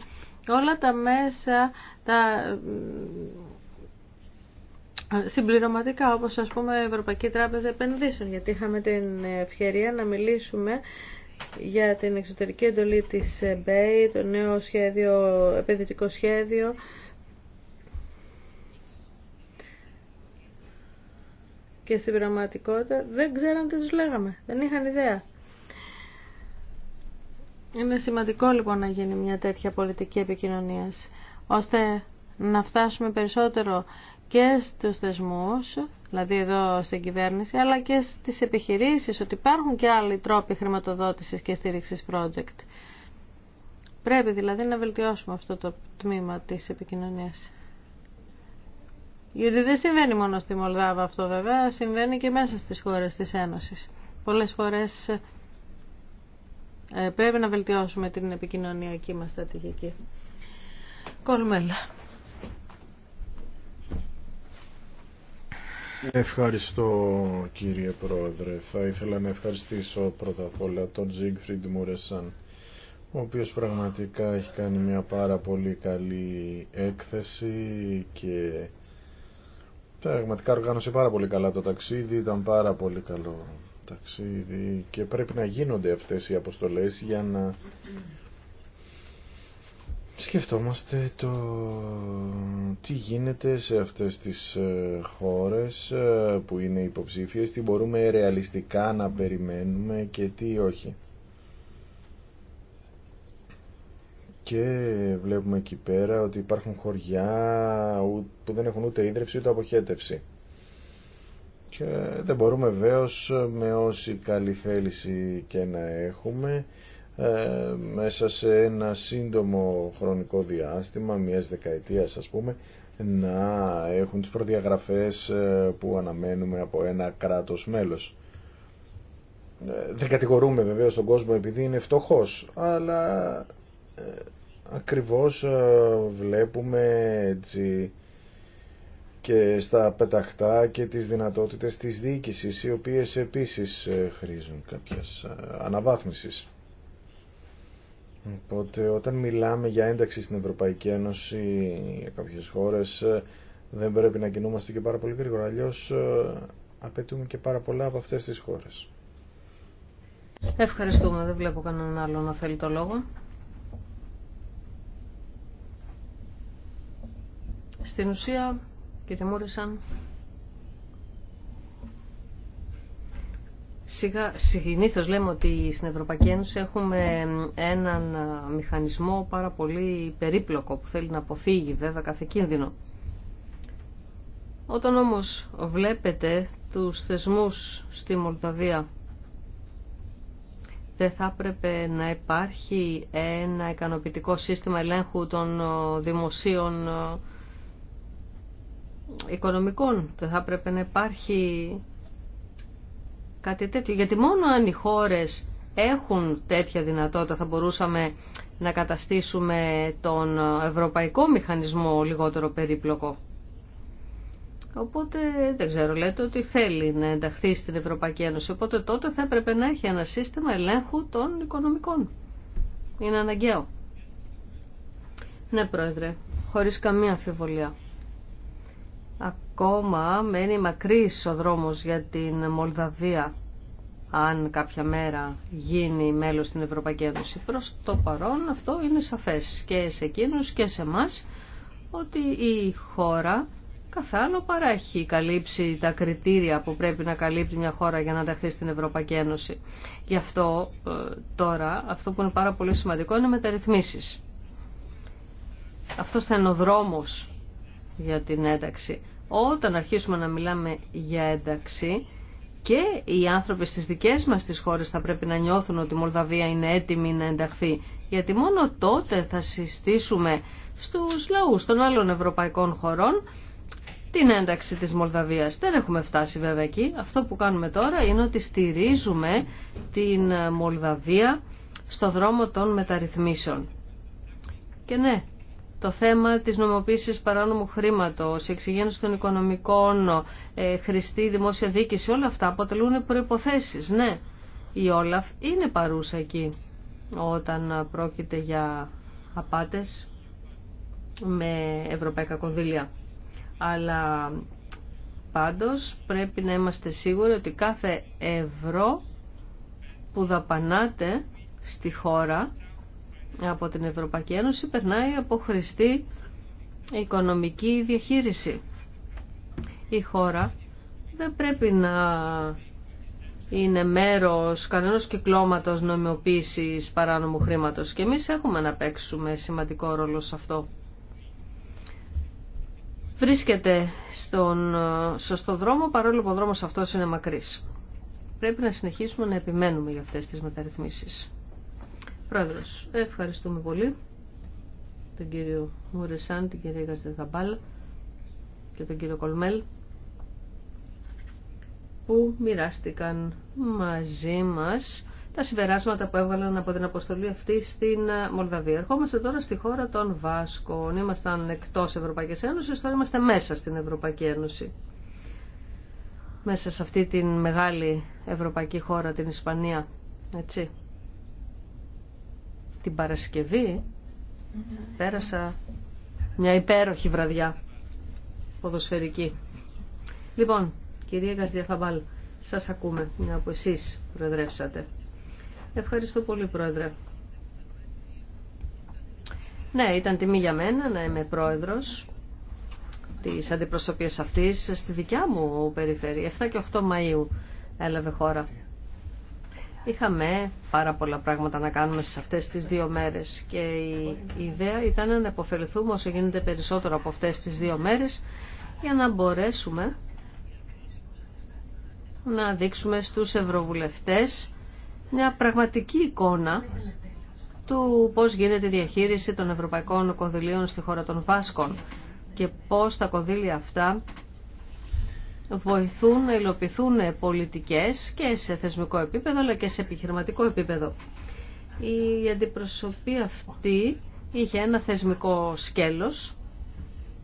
όλα τα μέσα, τα συμπληρωματικά όπως ας πούμε η Ευρωπαϊκή Τράπεζα Επενδύσεων γιατί είχαμε την ευκαιρία να μιλήσουμε για την εξωτερική εντολή της ΜΠΕΙ, το νέο σχέδιο, επενδυτικό σχέδιο και στην πραγματικότητα δεν ξέραν τι τους λέγαμε, δεν είχαν ιδέα. Είναι σημαντικό λοιπόν να γίνει μια τέτοια πολιτική επικοινωνία ώστε να φτάσουμε περισσότερο και στους θεσμούς, δηλαδή εδώ στην κυβέρνηση, αλλά και στις επιχειρήσεις, ότι υπάρχουν και άλλοι τρόποι χρηματοδότησης και στήριξης project. Πρέπει δηλαδή να βελτιώσουμε αυτό το τμήμα της επικοινωνίας. Γιατί δεν συμβαίνει μόνο στη Μολδάβα αυτό βέβαια, συμβαίνει και μέσα στις χώρες της Ένωσης. Πολλές φορές ε, πρέπει να βελτιώσουμε την επικοινωνιακή μας στρατηγική. Κολμέλα. Ευχαριστώ κύριε Πρόεδρε. Θα ήθελα να ευχαριστήσω πρώτα απ' όλα τον Ζίγκφριντ Μούρεσαν, ο οποίος πραγματικά έχει κάνει μια πάρα πολύ καλή έκθεση και πραγματικά οργάνωσε πάρα πολύ καλά το ταξίδι, ήταν πάρα πολύ καλό ταξίδι και πρέπει να γίνονται αυτές οι αποστολές για να σκεφτόμαστε το τι γίνεται σε αυτές τις ε, χώρες ε, που είναι υποψήφιες, τι μπορούμε ρεαλιστικά να περιμένουμε και τι όχι. Και βλέπουμε εκεί πέρα ότι υπάρχουν χωριά που δεν έχουν ούτε ίδρυψη ούτε αποχέτευση. Και δεν μπορούμε βεβαίω με όση καλή θέληση και να έχουμε ε, μέσα σε ένα σύντομο χρονικό διάστημα, μιας δεκαετίας ας πούμε, να έχουν τις προδιαγραφές ε, που αναμένουμε από ένα κράτος μέλος. Ε, δεν κατηγορούμε βέβαια τον κόσμο επειδή είναι φτωχός, αλλά ε, ακριβώς βλέπουμε έτσι και στα πεταχτά και τις δυνατότητες της διοίκησης, οι οποίες επίσης χρήζουν κάποιας αναβάθμισης. Οπότε όταν μιλάμε για ένταξη στην Ευρωπαϊκή Ένωση για κάποιες χώρες ε, δεν πρέπει να κινούμαστε και πάρα πολύ γρήγορα. Αλλιώ ε, απαιτούμε και πάρα πολλά από αυτές τις χώρες. Ευχαριστούμε. Δεν βλέπω κανέναν άλλο να θέλει το λόγο. Στην ουσία, κύριε Μούρισαν, Σιγά, λέμε ότι στην Ευρωπαϊκή Ένωση έχουμε έναν μηχανισμό πάρα πολύ περίπλοκο που θέλει να αποφύγει βέβαια κάθε κίνδυνο. Όταν όμως βλέπετε τους θεσμούς στη Μολδαβία δεν θα έπρεπε να υπάρχει ένα ικανοποιητικό σύστημα ελέγχου των ε, δημοσίων ε, οικονομικών. Δεν θα έπρεπε να υπάρχει κάτι τέτοιο. Γιατί μόνο αν οι χώρες έχουν τέτοια δυνατότητα θα μπορούσαμε να καταστήσουμε τον ευρωπαϊκό μηχανισμό λιγότερο περίπλοκο. Οπότε δεν ξέρω, λέτε ότι θέλει να ενταχθεί στην Ευρωπαϊκή Ένωση. Οπότε τότε θα έπρεπε να έχει ένα σύστημα ελέγχου των οικονομικών. Είναι αναγκαίο. Ναι, Πρόεδρε, χωρίς καμία αμφιβολία. Ακόμα μένει μακρύς ο δρόμος για την Μολδαβία αν κάποια μέρα γίνει μέλος στην Ευρωπαϊκή Ένωση. Προς το παρόν αυτό είναι σαφές και σε εκείνους και σε μας ότι η χώρα άλλο παρά έχει καλύψει τα κριτήρια που πρέπει να καλύπτει μια χώρα για να ανταχθεί στην Ευρωπαϊκή Ένωση. Γι' αυτό ε, τώρα αυτό που είναι πάρα πολύ σημαντικό είναι μεταρρυθμίσεις. Αυτός θα είναι ο δρόμος για την ένταξη. Όταν αρχίσουμε να μιλάμε για ένταξη και οι άνθρωποι στις δικές μας τις χώρες θα πρέπει να νιώθουν ότι η Μολδαβία είναι έτοιμη να ενταχθεί. Γιατί μόνο τότε θα συστήσουμε στους λαούς των άλλων ευρωπαϊκών χωρών την ένταξη της Μολδαβίας. Δεν έχουμε φτάσει βέβαια εκεί. Αυτό που κάνουμε τώρα είναι ότι στηρίζουμε την Μολδαβία στο δρόμο των μεταρρυθμίσεων. Και ναι, το θέμα της νομοποίησης παράνομου χρήματος, η εξηγένωση των οικονομικών, ε, χρηστή δημόσια δίκηση, όλα αυτά αποτελούν προϋποθέσεις, ναι. Η Όλαφ είναι παρούσα εκεί όταν πρόκειται για απάτες με ευρωπαϊκά κονδύλια. Αλλά πάντως πρέπει να είμαστε σίγουροι ότι κάθε ευρώ που δαπανάτε στη χώρα από την Ευρωπαϊκή Ένωση περνάει από χρηστή οικονομική διαχείριση. Η χώρα δεν πρέπει να είναι μέρος κανένας κυκλώματος νομιμοποίησης παράνομου χρήματος και εμείς έχουμε να παίξουμε σημαντικό ρόλο σε αυτό. Βρίσκεται στον ε, σωστό δρόμο παρόλο που ο δρόμος αυτός είναι μακρύς. Πρέπει να συνεχίσουμε να επιμένουμε για αυτές τις μεταρρυθμίσεις. Πρόεδρος, ευχαριστούμε πολύ τον κύριο Μουρισάν, την κυρία Γαζεθαμπάλ και τον κύριο Κολμέλ που μοιράστηκαν μαζί μας τα συμπεράσματα που έβγαλαν από την αποστολή αυτή στην Μολδαβία. Ερχόμαστε τώρα στη χώρα των Βάσκων. Ήμασταν εκτός Ευρωπαϊκής Ένωσης, τώρα είμαστε μέσα στην Ευρωπαϊκή Ένωση. Μέσα σε αυτή τη μεγάλη ευρωπαϊκή χώρα, την Ισπανία. Έτσι. Την Παρασκευή πέρασα μια υπέροχη βραδιά ποδοσφαιρική. Λοιπόν, κυρία Καστιαφαμπάλ, σας ακούμε, μια από εσείς προεδρεύσατε. Ευχαριστώ πολύ, Πρόεδρε. Ναι, ήταν τιμή για μένα να είμαι πρόεδρος της αντιπροσωπείας αυτής στη δικιά μου περιφέρεια. 7 και 8 Μαΐου έλαβε χώρα. Είχαμε πάρα πολλά πράγματα να κάνουμε σε αυτές τις δύο μέρες και η ιδέα ήταν να υποφεληθούμε όσο γίνεται περισσότερο από αυτές τις δύο μέρες για να μπορέσουμε να δείξουμε στους ευρωβουλευτές μια πραγματική εικόνα του πώς γίνεται η διαχείριση των ευρωπαϊκών κονδυλίων στη χώρα των Βάσκων και πώς τα κονδύλια αυτά βοηθούν να υλοποιηθούν πολιτικές και σε θεσμικό επίπεδο αλλά και σε επιχειρηματικό επίπεδο. Η αντιπροσωπή αυτή είχε ένα θεσμικό σκέλος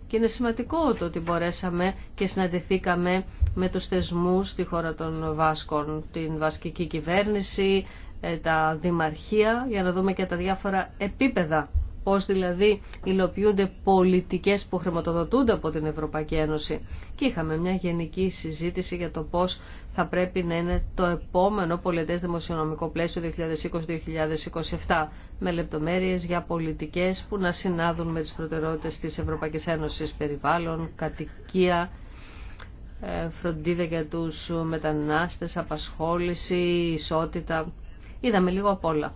και είναι σημαντικό το ότι μπορέσαμε και συναντηθήκαμε με τους θεσμούς στη χώρα των Βάσκων, την βασκική κυβέρνηση, ε, τα δημαρχία, για να δούμε και τα διάφορα επίπεδα πώς δηλαδή υλοποιούνται πολιτικές που χρηματοδοτούνται από την Ευρωπαϊκή Ένωση. Και είχαμε μια γενική συζήτηση για το πώς θα πρέπει να είναι το επόμενο πολιτές δημοσιονομικό πλαίσιο 2020-2027 με λεπτομέρειες για πολιτικές που να συνάδουν με τις προτεραιότητες της Ευρωπαϊκής Ένωσης περιβάλλον, κατοικία, ε, φροντίδα για τους μετανάστες, απασχόληση, ισότητα. Είδαμε λίγο απ' όλα.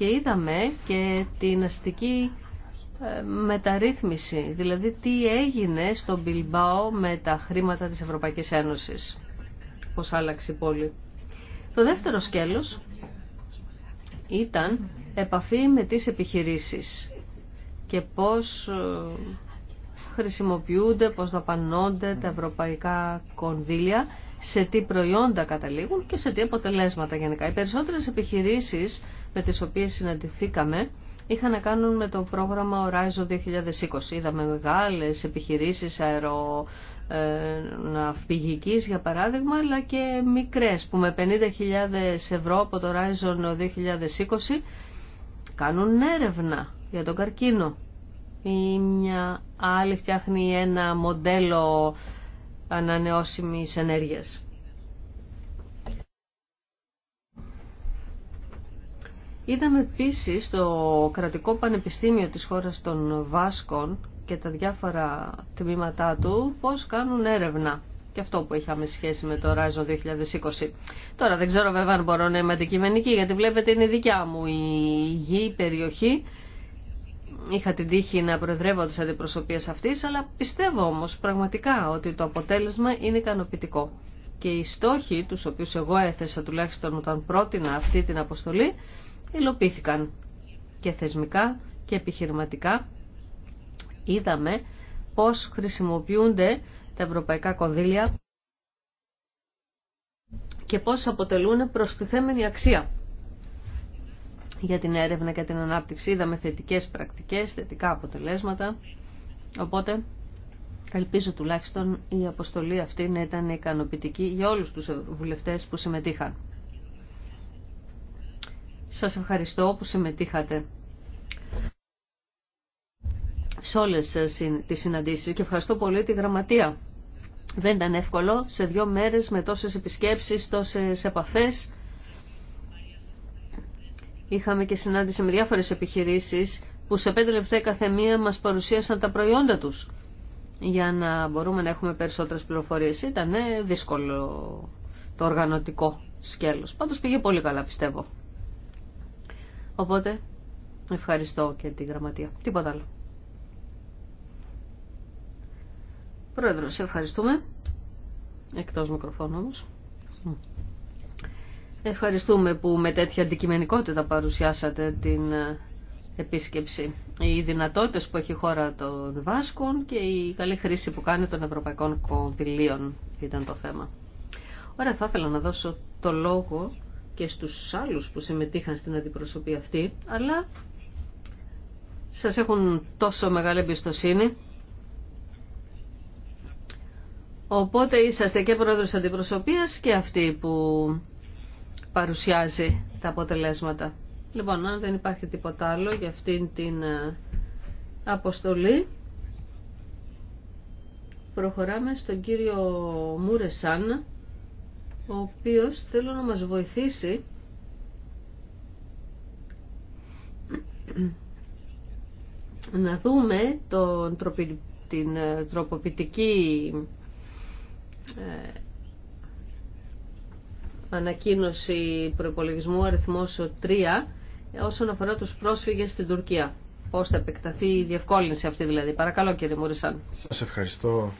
Και είδαμε και την αστική ε, μεταρρύθμιση, δηλαδή τι έγινε στο Μπιλμπάο με τα χρήματα της Ευρωπαϊκής Ένωσης, πώς άλλαξε η πόλη. Το δεύτερο σκέλος ήταν επαφή με τις επιχειρήσεις και πώς ε, χρησιμοποιούνται, πώς δαπανώνται τα ευρωπαϊκά κονδύλια σε τι προϊόντα καταλήγουν και σε τι αποτελέσματα γενικά. Οι περισσότερες επιχειρήσεις με τις οποίες συναντηθήκαμε είχαν να κάνουν με το πρόγραμμα Horizon 2020. Είδαμε μεγάλες επιχειρήσεις αερο ε, για παράδειγμα αλλά και μικρές που με 50.000 ευρώ από το Horizon 2020 κάνουν έρευνα για τον καρκίνο ή μια άλλη φτιάχνει ένα μοντέλο ανανεώσιμης ενέργειας. Είδαμε επίσης το κρατικό πανεπιστήμιο της χώρας των Βάσκων και τα διάφορα τμήματά του πώς κάνουν έρευνα. Και αυτό που είχαμε σχέση με το Horizon 2020. Τώρα δεν ξέρω βέβαια αν μπορώ να είμαι αντικειμενική γιατί βλέπετε είναι δικιά μου η γη, η περιοχή είχα την τύχη να προεδρεύω τις αντιπροσωπείες αυτής, αλλά πιστεύω όμως πραγματικά ότι το αποτέλεσμα είναι ικανοποιητικό. Και οι στόχοι, τους οποίους εγώ έθεσα τουλάχιστον όταν πρότεινα αυτή την αποστολή, υλοποιήθηκαν και θεσμικά και επιχειρηματικά. Είδαμε πώς χρησιμοποιούνται τα ευρωπαϊκά κονδύλια και πώς αποτελούν προστιθέμενη αξία για την έρευνα και την ανάπτυξη. Είδαμε θετικές πρακτικές, θετικά αποτελέσματα. Οπότε ελπίζω τουλάχιστον η αποστολή αυτή να ήταν ικανοποιητική για όλους τους βουλευτές που συμμετείχαν. Σας ευχαριστώ που συμμετείχατε σε όλες τις συναντήσεις και ευχαριστώ πολύ τη γραμματεία. Δεν ήταν εύκολο σε δύο μέρες με τόσες επισκέψεις, τόσες επαφές Είχαμε και συνάντηση με διάφορες επιχειρήσεις που σε πέντε λεπτά η καθεμία μας παρουσίασαν τα προϊόντα τους για να μπορούμε να έχουμε περισσότερες πληροφορίες. Ήταν ε, δύσκολο το οργανωτικό σκέλος. Πάντως πήγε πολύ καλά πιστεύω. Οπότε ευχαριστώ και τη γραμματεία. Τίποτα άλλο. Πρόεδρος, ευχαριστούμε. Εκτός μικροφώνου όμως. Ευχαριστούμε που με τέτοια αντικειμενικότητα παρουσιάσατε την ε, επίσκεψη. Οι δυνατότητες που έχει η χώρα των Βάσκων και η καλή χρήση που κάνει των ευρωπαϊκών κονδυλίων ήταν το θέμα. Ωραία, θα ήθελα να δώσω το λόγο και στους άλλους που συμμετείχαν στην αντιπροσωπή αυτή, αλλά σας έχουν τόσο μεγάλη εμπιστοσύνη. Οπότε είσαστε και πρόεδρος αντιπροσωπείας και αυτοί που παρουσιάζει τα αποτελέσματα. Λοιπόν, αν δεν υπάρχει τίποτα άλλο για αυτήν την ε, αποστολή, προχωράμε στον κύριο Μούρεσάν, ο οποίος θέλω να μας βοηθήσει να δούμε τον, την ε, τροποποιητική ε, ανακοίνωση προπολογισμού αριθμό 3 όσον αφορά τους πρόσφυγες στην Τουρκία. Πώς θα επεκταθεί η διευκόλυνση αυτή δηλαδή. Παρακαλώ κύριε Μουρισάν. Σας ευχαριστώ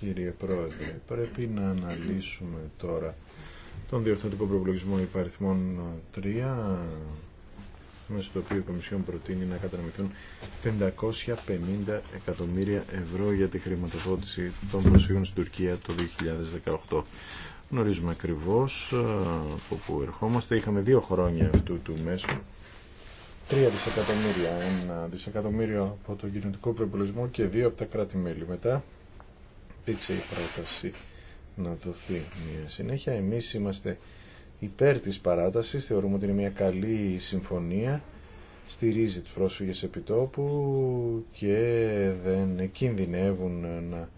κύριε Πρόεδρε. Πρέπει να αναλύσουμε τώρα τον διορθωτικό προπολογισμό υπαριθμών 3 μέσα στο οποίο η Κομισιόν προτείνει να καταναμηθούν 550 εκατομμύρια ευρώ για τη χρηματοδότηση των προσφύγων στην Τουρκία το 2018. Γνωρίζουμε ακριβώ ε, από που ερχόμαστε. Είχαμε δύο χρόνια αυτού του μέσου. Τρία δισεκατομμύρια. Ένα δισεκατομμύριο από τον κοινωνικό προπολογισμό και δύο από τα κράτη-μέλη. Μετά υπήρξε η πρόταση να δοθεί μια συνέχεια. Εμείς είμαστε υπέρ της παράτασης. Θεωρούμε ότι είναι μια καλή συμφωνία. Στηρίζει τους πρόσφυγες επιτόπου και δεν κινδυνεύουν να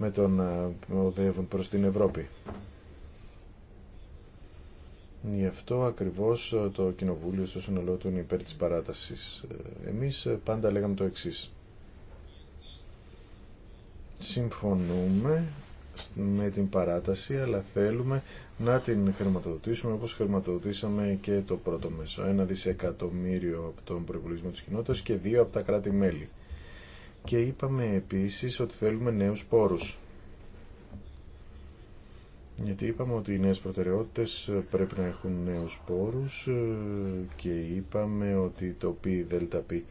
με το να οδεύουν προς την Ευρώπη. Γι' αυτό ακριβώς ε, το Κοινοβούλιο στο σύνολό του είναι υπέρ της παράτασης. Ε, εμείς ε, πάντα λέγαμε το εξής. Συμφωνούμε με την παράταση, αλλά θέλουμε να την χρηματοδοτήσουμε όπως χρηματοδοτήσαμε και το πρώτο μέσο. Ένα δισεκατομμύριο από τον προπολογισμό της κοινότητας και δύο από τα κράτη-μέλη. Και είπαμε επίσης ότι θέλουμε νέους πόρους. Γιατί είπαμε ότι οι νέες προτεραιότητες πρέπει να έχουν νέους πόρους ε, και είπαμε ότι το πι δελτα πι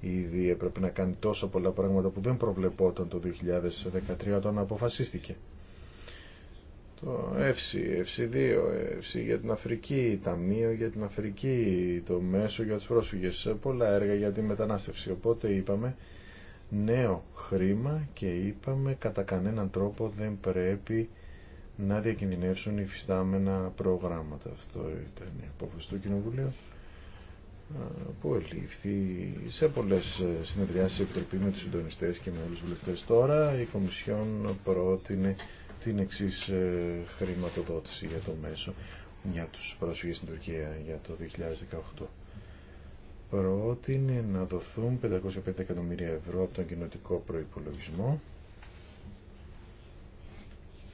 ήδη έπρεπε να κάνει τόσο πολλά πράγματα που δεν προβλεπόταν το 2013 όταν αποφασίστηκε. Το ΕΦΣΙ, ΕΦΣΙ2, ΕΦΣΙ για την Αφρική, Ταμείο για την Αφρική, το Μέσο για τους πρόσφυγες, πολλά έργα για τη μετανάστευση. Οπότε είπαμε νέο χρήμα και είπαμε κατά κανέναν τρόπο δεν πρέπει να διακινδυνεύσουν υφιστάμενα προγράμματα. Αυτό ήταν η απόφαση του Κοινοβουλίου που ελήφθη σε πολλές ε, συνεδριάσεις επιτροπή με τους συντονιστές και με όλους τους βουλευτές τώρα η Κομισιόν πρότεινε την εξή ε, χρηματοδότηση για το μέσο για τους πρόσφυγες στην Τουρκία για το 2018 πρότεινε να δοθούν 505 εκατομμύρια ευρώ από τον κοινοτικό προϋπολογισμό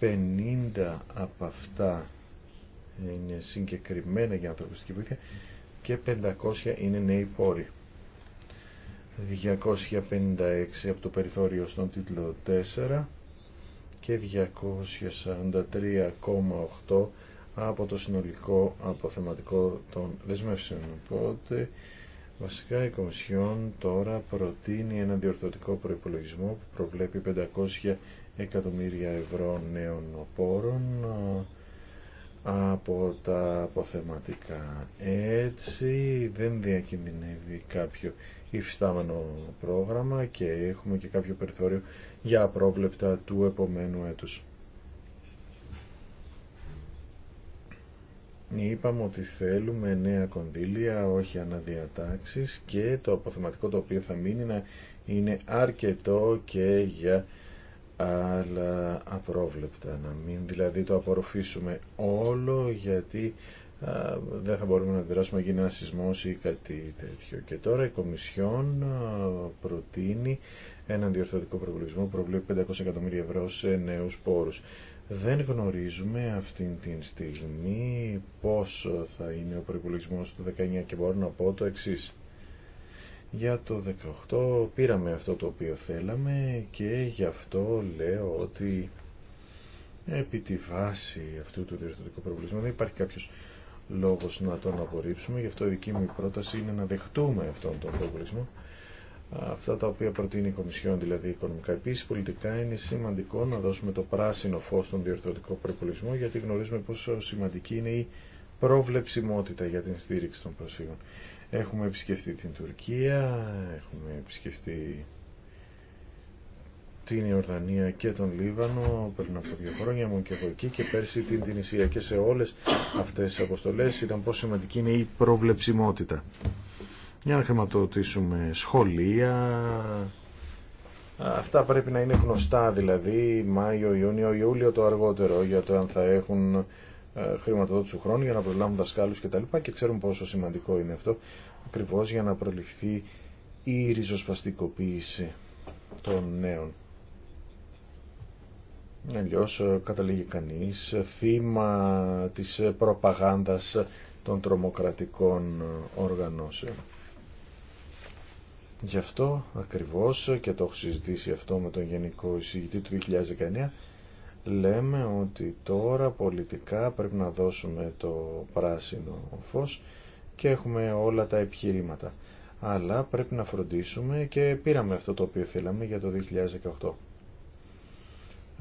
50 από αυτά είναι συγκεκριμένα για ανθρωπιστική βοήθεια και 500 είναι νέοι πόροι. 256 από το περιθώριο στον τίτλο 4 και 243,8 από το συνολικό αποθεματικό των δεσμεύσεων. Οπότε βασικά η Κομισιόν τώρα προτείνει ένα διορθωτικό προϋπολογισμό που προβλέπει 500 εκατομμύρια ευρώ νέων πόρων ε, από τα αποθεματικά. Έτσι δεν διακινδυνεύει κάποιο υφιστάμενο πρόγραμμα και έχουμε και κάποιο περιθώριο για απρόβλεπτα του επομένου έτους. Είπαμε ότι θέλουμε νέα κονδύλια, όχι αναδιατάξεις και το αποθεματικό το οποίο θα μείνει να είναι αρκετό και για αλλά απρόβλεπτα να μην δηλαδή το απορροφήσουμε όλο γιατί δεν θα μπορούμε να αντιδράσουμε γίνει ένα σεισμός ή κάτι τέτοιο και τώρα η Κομισιόν προτείνει έναν διορθωτικό προπολογισμό που προβλέπει 500 εκατομμύρια ευρώ σε νέους πόρους δεν γνωρίζουμε αυτή τη στιγμή πόσο θα είναι ο προπολογισμό του 19 και μπορώ να πω το εξής για το 18 πήραμε αυτό το οποίο θέλαμε και γι' αυτό λέω ότι επί τη βάση αυτού του διορθωτικού προβλησμού δεν υπάρχει κάποιος λόγος να τον απορρίψουμε. Γι' αυτό η δική μου πρόταση είναι να δεχτούμε αυτόν τον προβλησμό. Αυτά τα οποία προτείνει η Κομισιόν, δηλαδή οικονομικά. Επίση, πολιτικά είναι σημαντικό να δώσουμε το πράσινο φω στον διορθωτικό προβολισμό, γιατί γνωρίζουμε πόσο σημαντική είναι η προβλεψιμότητα για την στήριξη των προσφύγων. Έχουμε επισκεφτεί την Τουρκία, έχουμε επισκεφτεί την Ιορδανία και τον Λίβανο πριν από δύο χρόνια μου και εγώ εκεί και πέρσι την Τινησία και σε όλες αυτές τις αποστολές ήταν πόσο σημαντική είναι η προβλεψιμότητα για να χρηματοδοτήσουμε σχολεία αυτά πρέπει να είναι γνωστά δηλαδή Μάιο, Ιούνιο, Ιούλιο το αργότερο για το αν θα έχουν ε, χρηματοδότηση του χρόνου για να προλάβουν δασκάλους κτλ. Και, και ξέρουμε πόσο σημαντικό είναι αυτό ακριβώς για να προληφθεί η ριζοσπαστικοποίηση των νέων. Αλλιώ ε, καταλήγει κανεί ε, θύμα της προπαγάνδας των τρομοκρατικών οργανώσεων. Γι' αυτό ακριβώς και το έχω συζητήσει αυτό με τον Γενικό Εισηγητή του 2019 λέμε ότι τώρα πολιτικά πρέπει να δώσουμε το πράσινο φως και έχουμε όλα τα επιχειρήματα. Αλλά πρέπει να φροντίσουμε και πήραμε αυτό το οποίο θέλαμε για το 2018.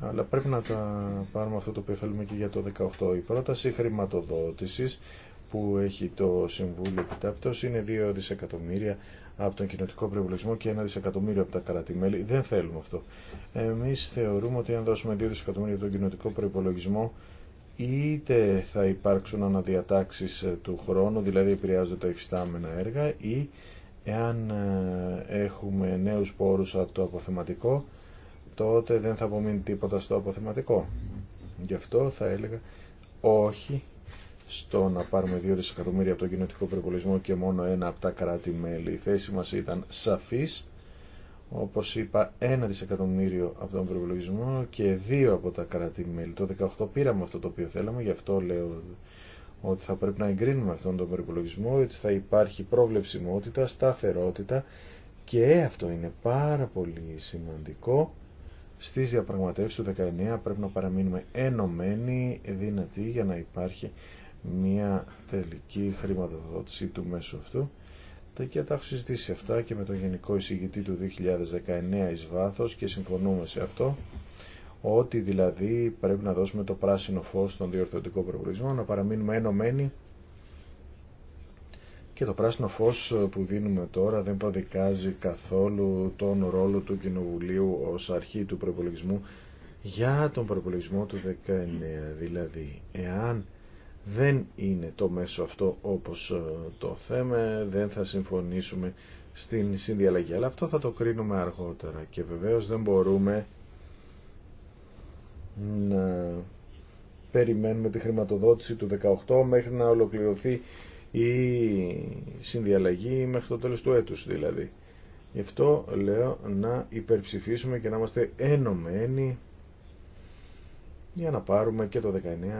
Αλλά πρέπει να τα πάρουμε αυτό το οποίο θέλουμε και για το 2018. Η πρόταση χρηματοδότησης που έχει το Συμβούλιο Επιτάπτωση είναι 2 δισεκατομμύρια από τον κοινοτικό προπολογισμό και ένα δισεκατομμύριο από τα κράτη-μέλη. Δεν θέλουμε αυτό. Εμείς θεωρούμε ότι αν δώσουμε 2 δισεκατομμύρια από τον κοινοτικό προπολογισμό είτε θα υπάρξουν αναδιατάξεις ε, του χρόνου, δηλαδή επηρεάζονται τα υφιστάμενα έργα ή εάν ε, έχουμε νέους πόρους από το αποθεματικό τότε δεν θα απομείνει τίποτα στο αποθεματικό. Γι' αυτό θα έλεγα όχι στο να πάρουμε 2 δισεκατομμύρια από τον κοινωτικό περιπολισμό και μόνο ένα από τα κράτη-μέλη. Η θέση μας ήταν σαφής. Όπως είπα, 1 δισεκατομμύριο από τον προπολογισμό και 2 από τα κράτη-μέλη. Το 18 πήραμε αυτό το οποίο θέλαμε, γι' αυτό λέω ότι θα πρέπει να εγκρίνουμε αυτόν τον προπολογισμό, έτσι θα υπάρχει πρόβλεψιμότητα, σταθερότητα και αυτό είναι πάρα πολύ σημαντικό. Στις διαπραγματεύσεις του 19 πρέπει να παραμείνουμε ενωμένοι, δυνατοί για να υπάρχει μια τελική χρηματοδότηση του μέσου αυτού και τα έχω συζητήσει αυτά και με τον Γενικό Εισηγητή του 2019 εις βάθος και συμφωνούμε σε αυτό ότι δηλαδή πρέπει να δώσουμε το πράσινο φως στον διορθωτικό προπολογισμό, να παραμείνουμε ενωμένοι και το πράσινο φως που δίνουμε τώρα δεν παδικάζει καθόλου τον ρόλο του Κοινοβουλίου ως αρχή του προπολογισμού για τον προπολογισμό του 19. Δηλαδή, εάν δεν είναι το μέσο αυτό όπως ε, το θέμε, δεν θα συμφωνήσουμε στην συνδιαλλαγή, αλλά αυτό θα το κρίνουμε αργότερα και βεβαίως δεν μπορούμε να περιμένουμε τη χρηματοδότηση του 18 μέχρι να ολοκληρωθεί η συνδιαλλαγή μέχρι το τέλος του έτους δηλαδή. Γι' αυτό λέω να υπερψηφίσουμε και να είμαστε ενωμένοι για να πάρουμε και το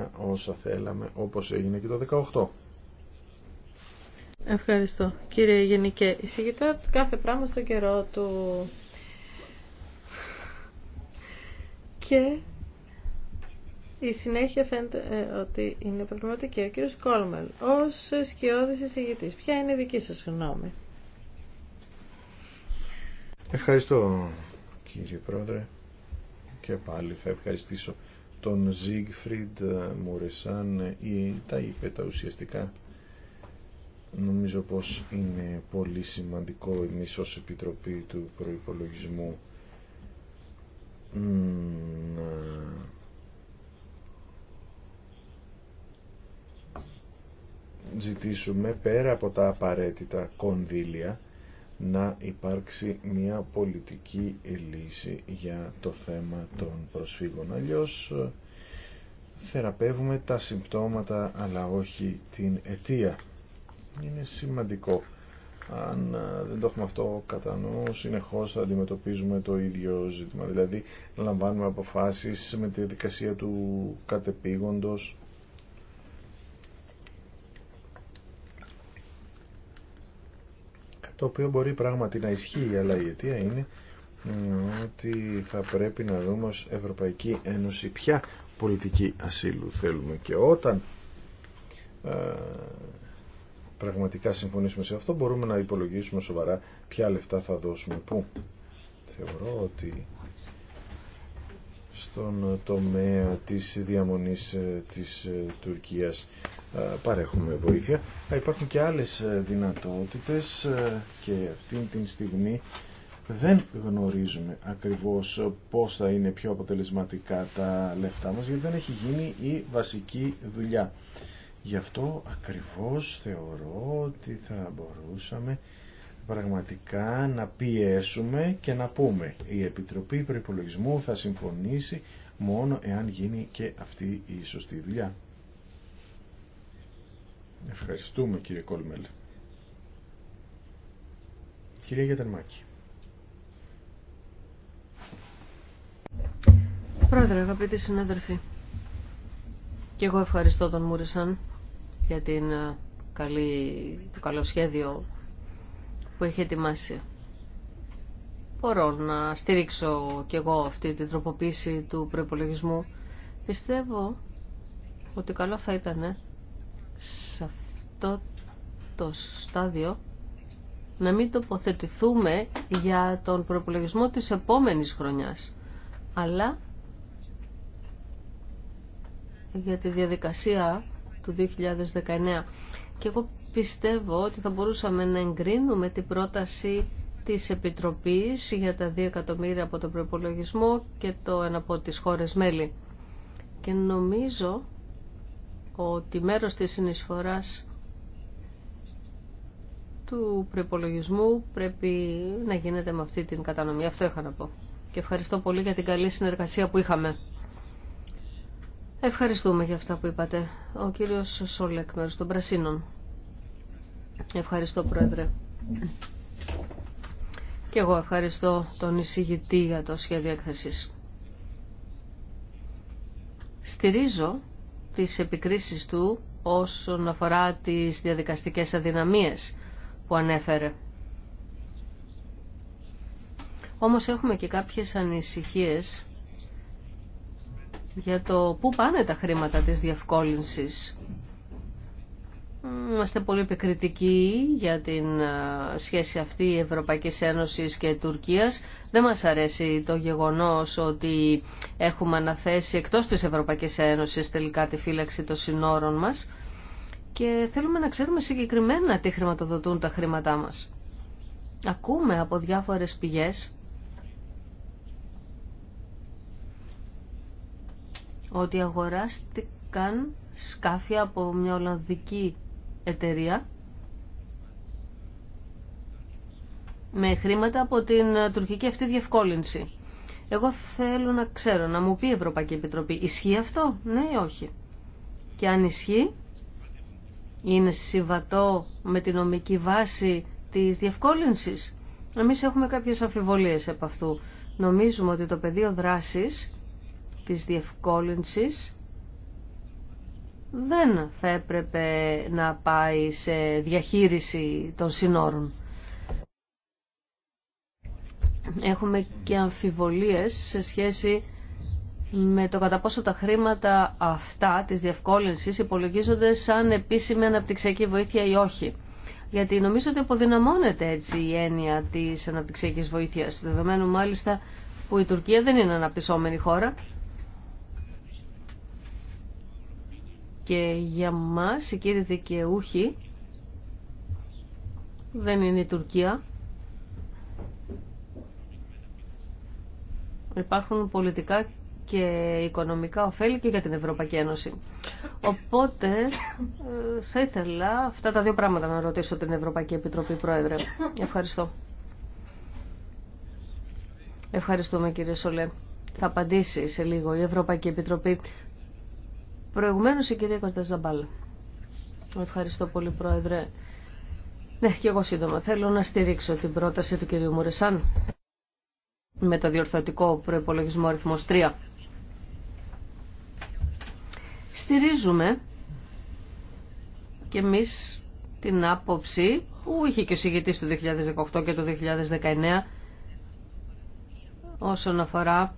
19 όσα θέλαμε όπως έγινε και το 18. Ευχαριστώ. Κύριε Γενικέ, εισηγητά κάθε πράγμα στο καιρό του και η συνέχεια φαίνεται ε, ότι είναι προβληματική. Ο κύριος Κόλμελ, ως σκιώδης εισηγητής, ποια είναι η δική σας γνώμη. Ευχαριστώ κύριε Πρόεδρε και πάλι θα ευχαριστήσω τον Ζίγφριντ ε, Μουρεσάν ε, ή τα είπε τα ουσιαστικά. Νομίζω πως είναι πολύ σημαντικό εμείς ως Επιτροπή του Προϋπολογισμού να ζητήσουμε πέρα από τα απαραίτητα κονδύλια να υπάρξει μια πολιτική λύση για το θέμα των προσφύγων. Αλλιώς ε, θεραπεύουμε τα συμπτώματα αλλά όχι την αιτία. Είναι σημαντικό. Αν ε, δεν το έχουμε αυτό κατά νου, συνεχώς θα αντιμετωπίζουμε το ίδιο ζήτημα. Δηλαδή, λαμβάνουμε αποφάσεις με τη δικασία του κατεπήγοντος το οποίο μπορεί πράγματι να ισχύει, αλλά η αιτία είναι ότι θα πρέπει να δούμε ως Ευρωπαϊκή Ένωση ποια πολιτική ασύλου θέλουμε και όταν ε, πραγματικά συμφωνήσουμε σε αυτό μπορούμε να υπολογίσουμε σοβαρά ποια λεφτά θα δώσουμε πού. Θεωρώ ότι στον τομέα της διαμονής ε, της ε, Τουρκίας ε, παρέχουμε βοήθεια. Υπάρχουν και άλλες ε, δυνατότητες ε, και αυτή την στιγμή δεν γνωρίζουμε ακριβώς πώς θα είναι πιο αποτελεσματικά τα λεφτά μας γιατί δεν έχει γίνει η βασική δουλειά. Γι' αυτό ακριβώς θεωρώ ότι θα μπορούσαμε πραγματικά να πιέσουμε και να πούμε η Επιτροπή Προϋπολογισμού θα συμφωνήσει μόνο εάν γίνει και αυτή η σωστή δουλειά. Ευχαριστούμε κύριε Κόλμελ. Κυρία Γιατερμάκη. Πρόεδρε, αγαπητοί συνάδελφοι, και εγώ ευχαριστώ τον Μούρισαν για την ε, καλή, το καλό σχέδιο που έχει ετοιμάσει. Μπορώ να στηρίξω κι εγώ αυτή την τροποποίηση του προπολογισμού. Πιστεύω ότι καλό θα ήταν σε αυτό το στάδιο να μην τοποθετηθούμε για τον προπολογισμό της επόμενης χρονιάς, αλλά για τη διαδικασία του 2019. Και εγώ πιστεύω ότι θα μπορούσαμε να εγκρίνουμε την πρόταση της Επιτροπής για τα 2 εκατομμύρια από τον προπολογισμό και το ένα από τις χώρες μέλη. Και νομίζω ότι μέρος της συνεισφοράς του προπολογισμού πρέπει να γίνεται με αυτή την κατανομή. Αυτό είχα να πω. Και ευχαριστώ πολύ για την καλή συνεργασία που είχαμε. Ευχαριστούμε για αυτά που είπατε. Ο κύριος Σόλεκ, μέρος των Πρασίνων. Ευχαριστώ, Πρόεδρε. Και εγώ ευχαριστώ τον εισηγητή για το σχέδιο έκθεσης. Στηρίζω τις επικρίσεις του όσον αφορά τις διαδικαστικές αδυναμίες που ανέφερε. Όμως έχουμε και κάποιες ανησυχίες για το πού πάνε τα χρήματα της διευκόλυνσης Είμαστε πολύ επικριτικοί για την σχέση αυτή Ευρωπαϊκής Ένωσης και Τουρκίας. Δεν μας αρέσει το γεγονός ότι έχουμε αναθέσει εκτός της Ευρωπαϊκής Ένωσης τελικά τη φύλαξη των συνόρων μας και θέλουμε να ξέρουμε συγκεκριμένα τι χρηματοδοτούν τα χρήματά μας. Ακούμε από διάφορες πηγές ότι αγοράστηκαν σκάφια από μια Ολλανδική εταιρεία με χρήματα από την τουρκική αυτή διευκόλυνση. Εγώ θέλω να ξέρω, να μου πει η Ευρωπαϊκή Επιτροπή, ισχύει αυτό, ναι ή όχι. Και αν ισχύει, είναι συμβατό με την νομική βάση της διευκόλυνσης. Εμείς έχουμε κάποιες αμφιβολίες από αυτού. Νομίζουμε ότι το πεδίο δράσης της διευκόλυνσης δεν θα έπρεπε να πάει σε διαχείριση των συνόρων. Έχουμε και αμφιβολίες σε σχέση με το κατά πόσο τα χρήματα αυτά της διευκόλυνσης υπολογίζονται σαν επίσημη αναπτυξιακή βοήθεια ή όχι. Γιατί νομίζω ότι αποδυναμώνεται έτσι η έννοια της αναπτυξιακής βοήθειας, δεδομένου μάλιστα που η Τουρκία δεν είναι αναπτυσσόμενη χώρα Και για μας οι κύριοι δικαιούχοι δεν είναι η Τουρκία. Υπάρχουν πολιτικά και οικονομικά ωφέλη και για την Ευρωπαϊκή Ένωση. Οπότε ε, θα ήθελα αυτά τα δύο πράγματα να ρωτήσω την Ευρωπαϊκή Επιτροπή Πρόεδρε. Ευχαριστώ. Ευχαριστούμε κύριε Σολέ. Θα απαντήσει σε λίγο η Ευρωπαϊκή Επιτροπή. Προηγουμένως η κυρία Κορταζαμπάλα. Ευχαριστώ πολύ Πρόεδρε. Ναι, και εγώ σύντομα θέλω να στηρίξω την πρόταση του κυρίου Μουρεσάν με το διορθωτικό προϋπολογισμό αριθμός 3. Στηρίζουμε και εμείς την άποψη που είχε και ο συγητής του 2018 και του 2019 όσον αφορά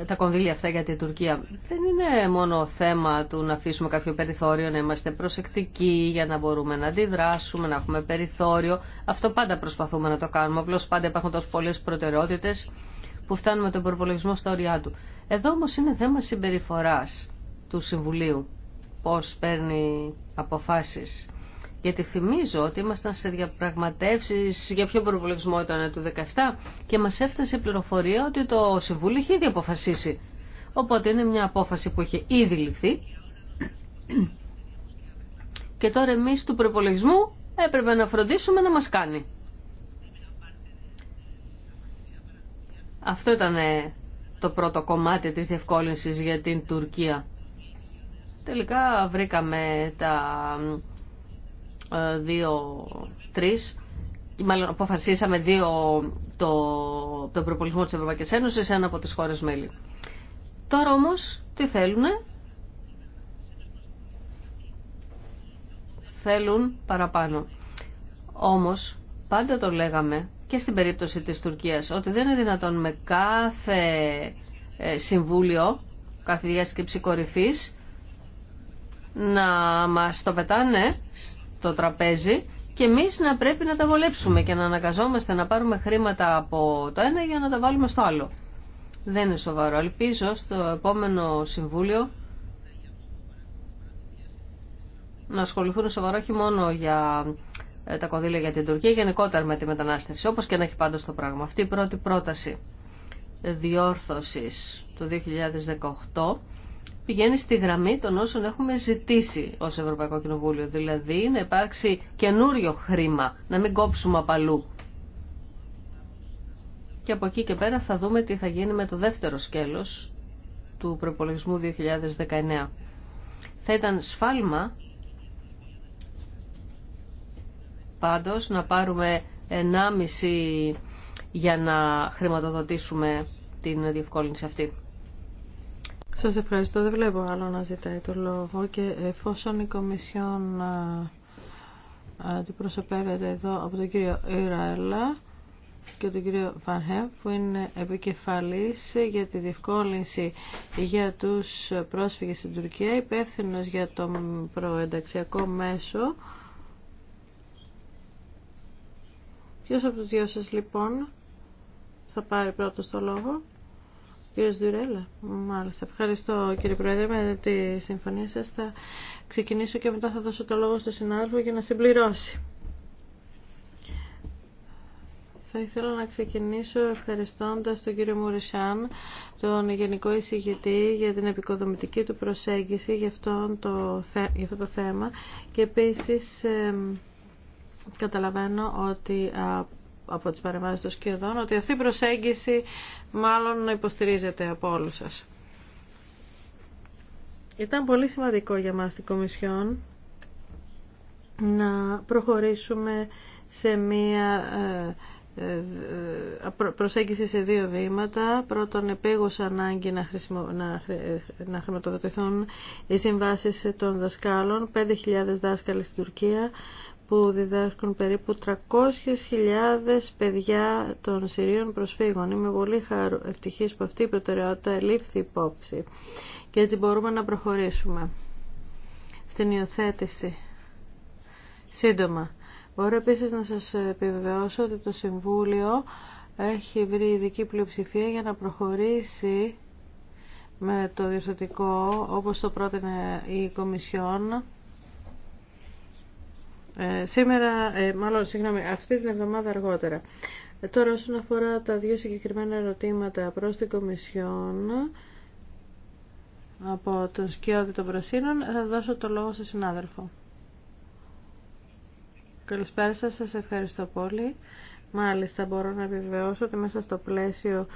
ε, τα κονδύλια αυτά για την Τουρκία. Δεν είναι μόνο θέμα του να αφήσουμε κάποιο περιθώριο, να είμαστε προσεκτικοί για να μπορούμε να αντιδράσουμε, να έχουμε περιθώριο. Αυτό πάντα προσπαθούμε να το κάνουμε. Απλώ πάντα υπάρχουν τόσο πολλέ προτεραιότητε που φτάνουμε τον προπολογισμό στα οριά του. Εδώ όμω είναι θέμα συμπεριφορά του Συμβουλίου. Πώ παίρνει αποφάσει. Γιατί θυμίζω ότι ήμασταν σε διαπραγματεύσεις για ποιο προπολογισμό ήταν του 17 και μας έφτασε η πληροφορία ότι το Συμβούλιο είχε ήδη αποφασίσει. Οπότε είναι μια απόφαση που είχε ήδη ληφθεί. Και τώρα εμείς του προπολογισμού έπρεπε να φροντίσουμε να μας κάνει. Αυτό ήταν ε, το πρώτο κομμάτι της διευκόλυνσης για την Τουρκία. Τελικά βρήκαμε τα 2-3 ε, μάλλον αποφασίσαμε δύο το, το προπολισμό της Ευρωπαϊκής Ένωσης, ένα από τις χώρες μέλη. Τώρα όμως τι θέλουνε. Θέλουν παραπάνω. Όμως πάντα το λέγαμε και στην περίπτωση της Τουρκίας ότι δεν είναι δυνατόν με κάθε ε, συμβούλιο, κάθε διάσκεψη κορυφής να μας το πετάνε το τραπέζι και εμεί να πρέπει να τα βολέψουμε και να αναγκαζόμαστε να πάρουμε χρήματα από το ένα για να τα βάλουμε στο άλλο. Δεν είναι σοβαρό. Ελπίζω στο επόμενο Συμβούλιο να ασχοληθούν σοβαρό όχι μόνο για ε, τα κονδύλια για την Τουρκία, γενικότερα με τη μετανάστευση, όπως και να έχει πάντως το πράγμα. Αυτή η πρώτη πρόταση διόρθωσης του 2018 πηγαίνει στη γραμμή των όσων έχουμε ζητήσει ως Ευρωπαϊκό Κοινοβούλιο. Δηλαδή να υπάρξει καινούριο χρήμα, να μην κόψουμε απαλού. Και από εκεί και πέρα θα δούμε τι θα γίνει με το δεύτερο σκέλος του προπολογισμού 2019. Θα ήταν σφάλμα πάντως να πάρουμε 1,5 για να χρηματοδοτήσουμε την διευκόλυνση αυτή. Σας ευχαριστώ. Δεν βλέπω άλλο να ζητάει το λόγο και εφόσον η Κομισιόν αντιπροσωπεύεται εδώ από τον κύριο Ιραέλα και τον κύριο Βανχεμ που είναι επικεφαλής για τη διευκόλυνση για τους πρόσφυγες στην Τουρκία υπεύθυνο για το προενταξιακό μέσο Ποιος από τους δυο σας λοιπόν θα πάρει πρώτος το λόγο Κύριε Δουρέλα, μάλιστα. Ευχαριστώ κύριε Πρόεδρε με τη συμφωνία σας. Θα ξεκινήσω και μετά θα δώσω το λόγο στο συνάδελφο για να συμπληρώσει. Θα ήθελα να ξεκινήσω ευχαριστώντας τον κύριο Μουρισάν, τον Γενικό Εισηγητή για την επικοδομητική του προσέγγιση για αυτό το, για αυτό το θέμα και επίσης καταλαβαίνω ότι από τις παρεμβάσεις των σκιωδών ότι αυτή η προσέγγιση μάλλον υποστηρίζεται από όλους σας. Ήταν πολύ σημαντικό για μας την Κομισιόν να προχωρήσουμε σε μία ε, ε, προσέγγιση σε δύο βήματα. Πρώτον, επίγουσα ανάγκη να, χρησιμο... να ε, χρηματοδοτηθούν οι συμβάσεις των δασκάλων, 5.000 δάσκαλοι στην Τουρκία, που διδάσκουν περίπου 300.000 παιδιά των Συρίων προσφύγων. Είμαι πολύ χαρο... ευτυχής που αυτή η προτεραιότητα λήφθη υπόψη και έτσι μπορούμε να προχωρήσουμε στην υιοθέτηση σύντομα. Μπορώ επίσης να σας επιβεβαιώσω ότι το Συμβούλιο έχει βρει ειδική πλειοψηφία για να προχωρήσει με το διευθυντικό όπως το πρότεινε η Κομισιόν ε, σήμερα, ε, μάλλον, συγγνώμη, αυτή την εβδομάδα αργότερα. Ε, τώρα, όσον αφορά τα δύο συγκεκριμένα ερωτήματα προς την Κομισιόν από τον Σκιώδη των Πρασίνων, θα δώσω το λόγο στον συνάδελφο. Καλησπέρα σας, σας ευχαριστώ πολύ. Μάλιστα, μπορώ να επιβεβαιώσω ότι μέσα στο πλαίσιο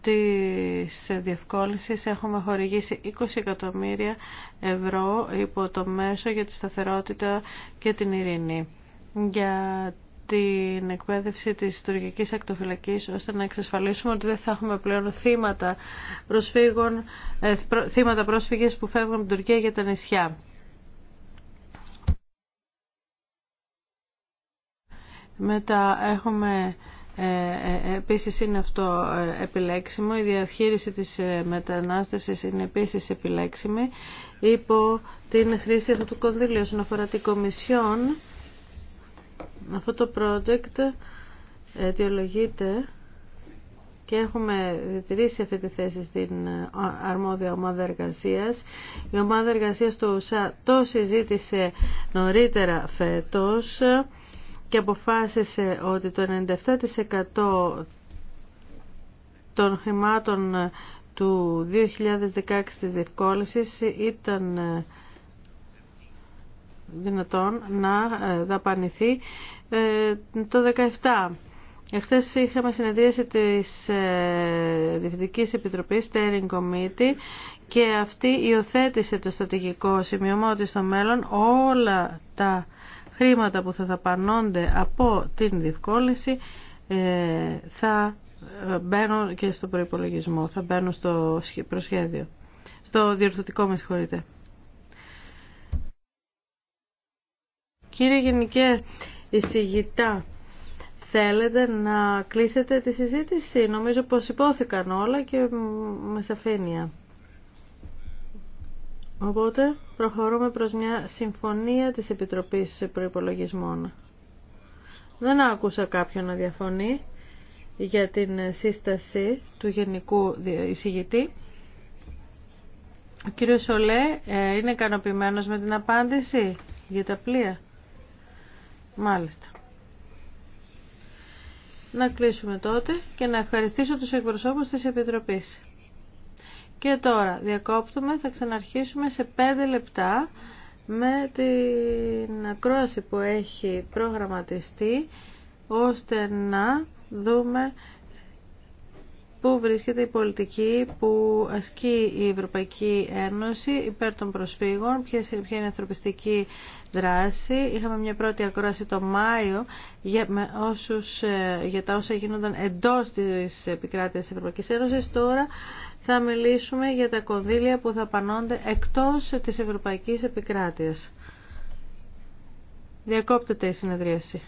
της διευκόλυνσης έχουμε χορηγήσει 20 εκατομμύρια ευρώ υπό το μέσο για τη σταθερότητα και την ειρήνη. Για την εκπαίδευση της τουρκικής ακτοφυλακής ώστε να εξασφαλίσουμε ότι δεν θα έχουμε πλέον θύματα, προσφύγων, ε, θύματα πρόσφυγες που φεύγουν από την Τουρκία για τα νησιά. Μετά έχουμε ε, ε, ε, επίσης είναι αυτό επιλέξιμο. Η διαχείριση της μετανάστευσης είναι επίσης επιλέξιμη υπό την χρήση αυτού του κονδύλιου. Όσον αφορά την Κομισιόν, αυτό το project αιτιολογείται και έχουμε διατηρήσει αυτή τη θέση στην αρμόδια ομάδα εργασία. Η ομάδα εργασία του ΟΣΑ το συζήτησε νωρίτερα φέτος και αποφάσισε ότι το 97% των χρημάτων του 2016 της διευκόλυσης ήταν ε, δυνατόν να ε, δαπανηθεί ε, το 2017. Εχθές είχαμε συνεδρίαση της Διευθυντικής Επιτροπής, Steering Committee, και αυτή υιοθέτησε το στρατηγικό σημειωμό ότι στο μέλλον όλα τα χρήματα που θα δαπανώνται από την διευκόλυνση ε, θα ε, μπαίνουν και στο προϋπολογισμό, θα μπαίνουν στο προσχέδιο, στο διορθωτικό με συγχωρείτε. Κύριε Γενικέ, εισηγητά, θέλετε να κλείσετε τη συζήτηση. Νομίζω πως υπόθηκαν όλα και με σαφήνεια. Οπότε προχωρούμε προς μια συμφωνία της Επιτροπής Προϋπολογισμών. Δεν άκουσα κάποιον να διαφωνεί για την σύσταση του Γενικού Εισηγητή. Ο κύριος Σολέ ε, είναι ικανοποιημένος με την απάντηση για τα πλοία. Μάλιστα. Να κλείσουμε τότε και να ευχαριστήσω τους εκπροσώπους της Επιτροπής. Και τώρα διακόπτουμε, θα ξαναρχίσουμε σε 5 λεπτά με την ακρόαση που έχει προγραμματιστεί ώστε να δούμε πού βρίσκεται η πολιτική που ασκεί η Ευρωπαϊκή Ένωση υπέρ των προσφύγων, ποια είναι η ανθρωπιστική δράση. Είχαμε μια πρώτη ακρόαση το Μάιο για, όσους, ε, για τα όσα γίνονταν εντός της επικράτειας της Ευρωπαϊκής Ένωσης. Τώρα θα μιλήσουμε για τα κονδύλια που θα πανώνται εκτός της ευρωπαϊκής επικράτειας. Διακόπτεται η συνεδρίαση.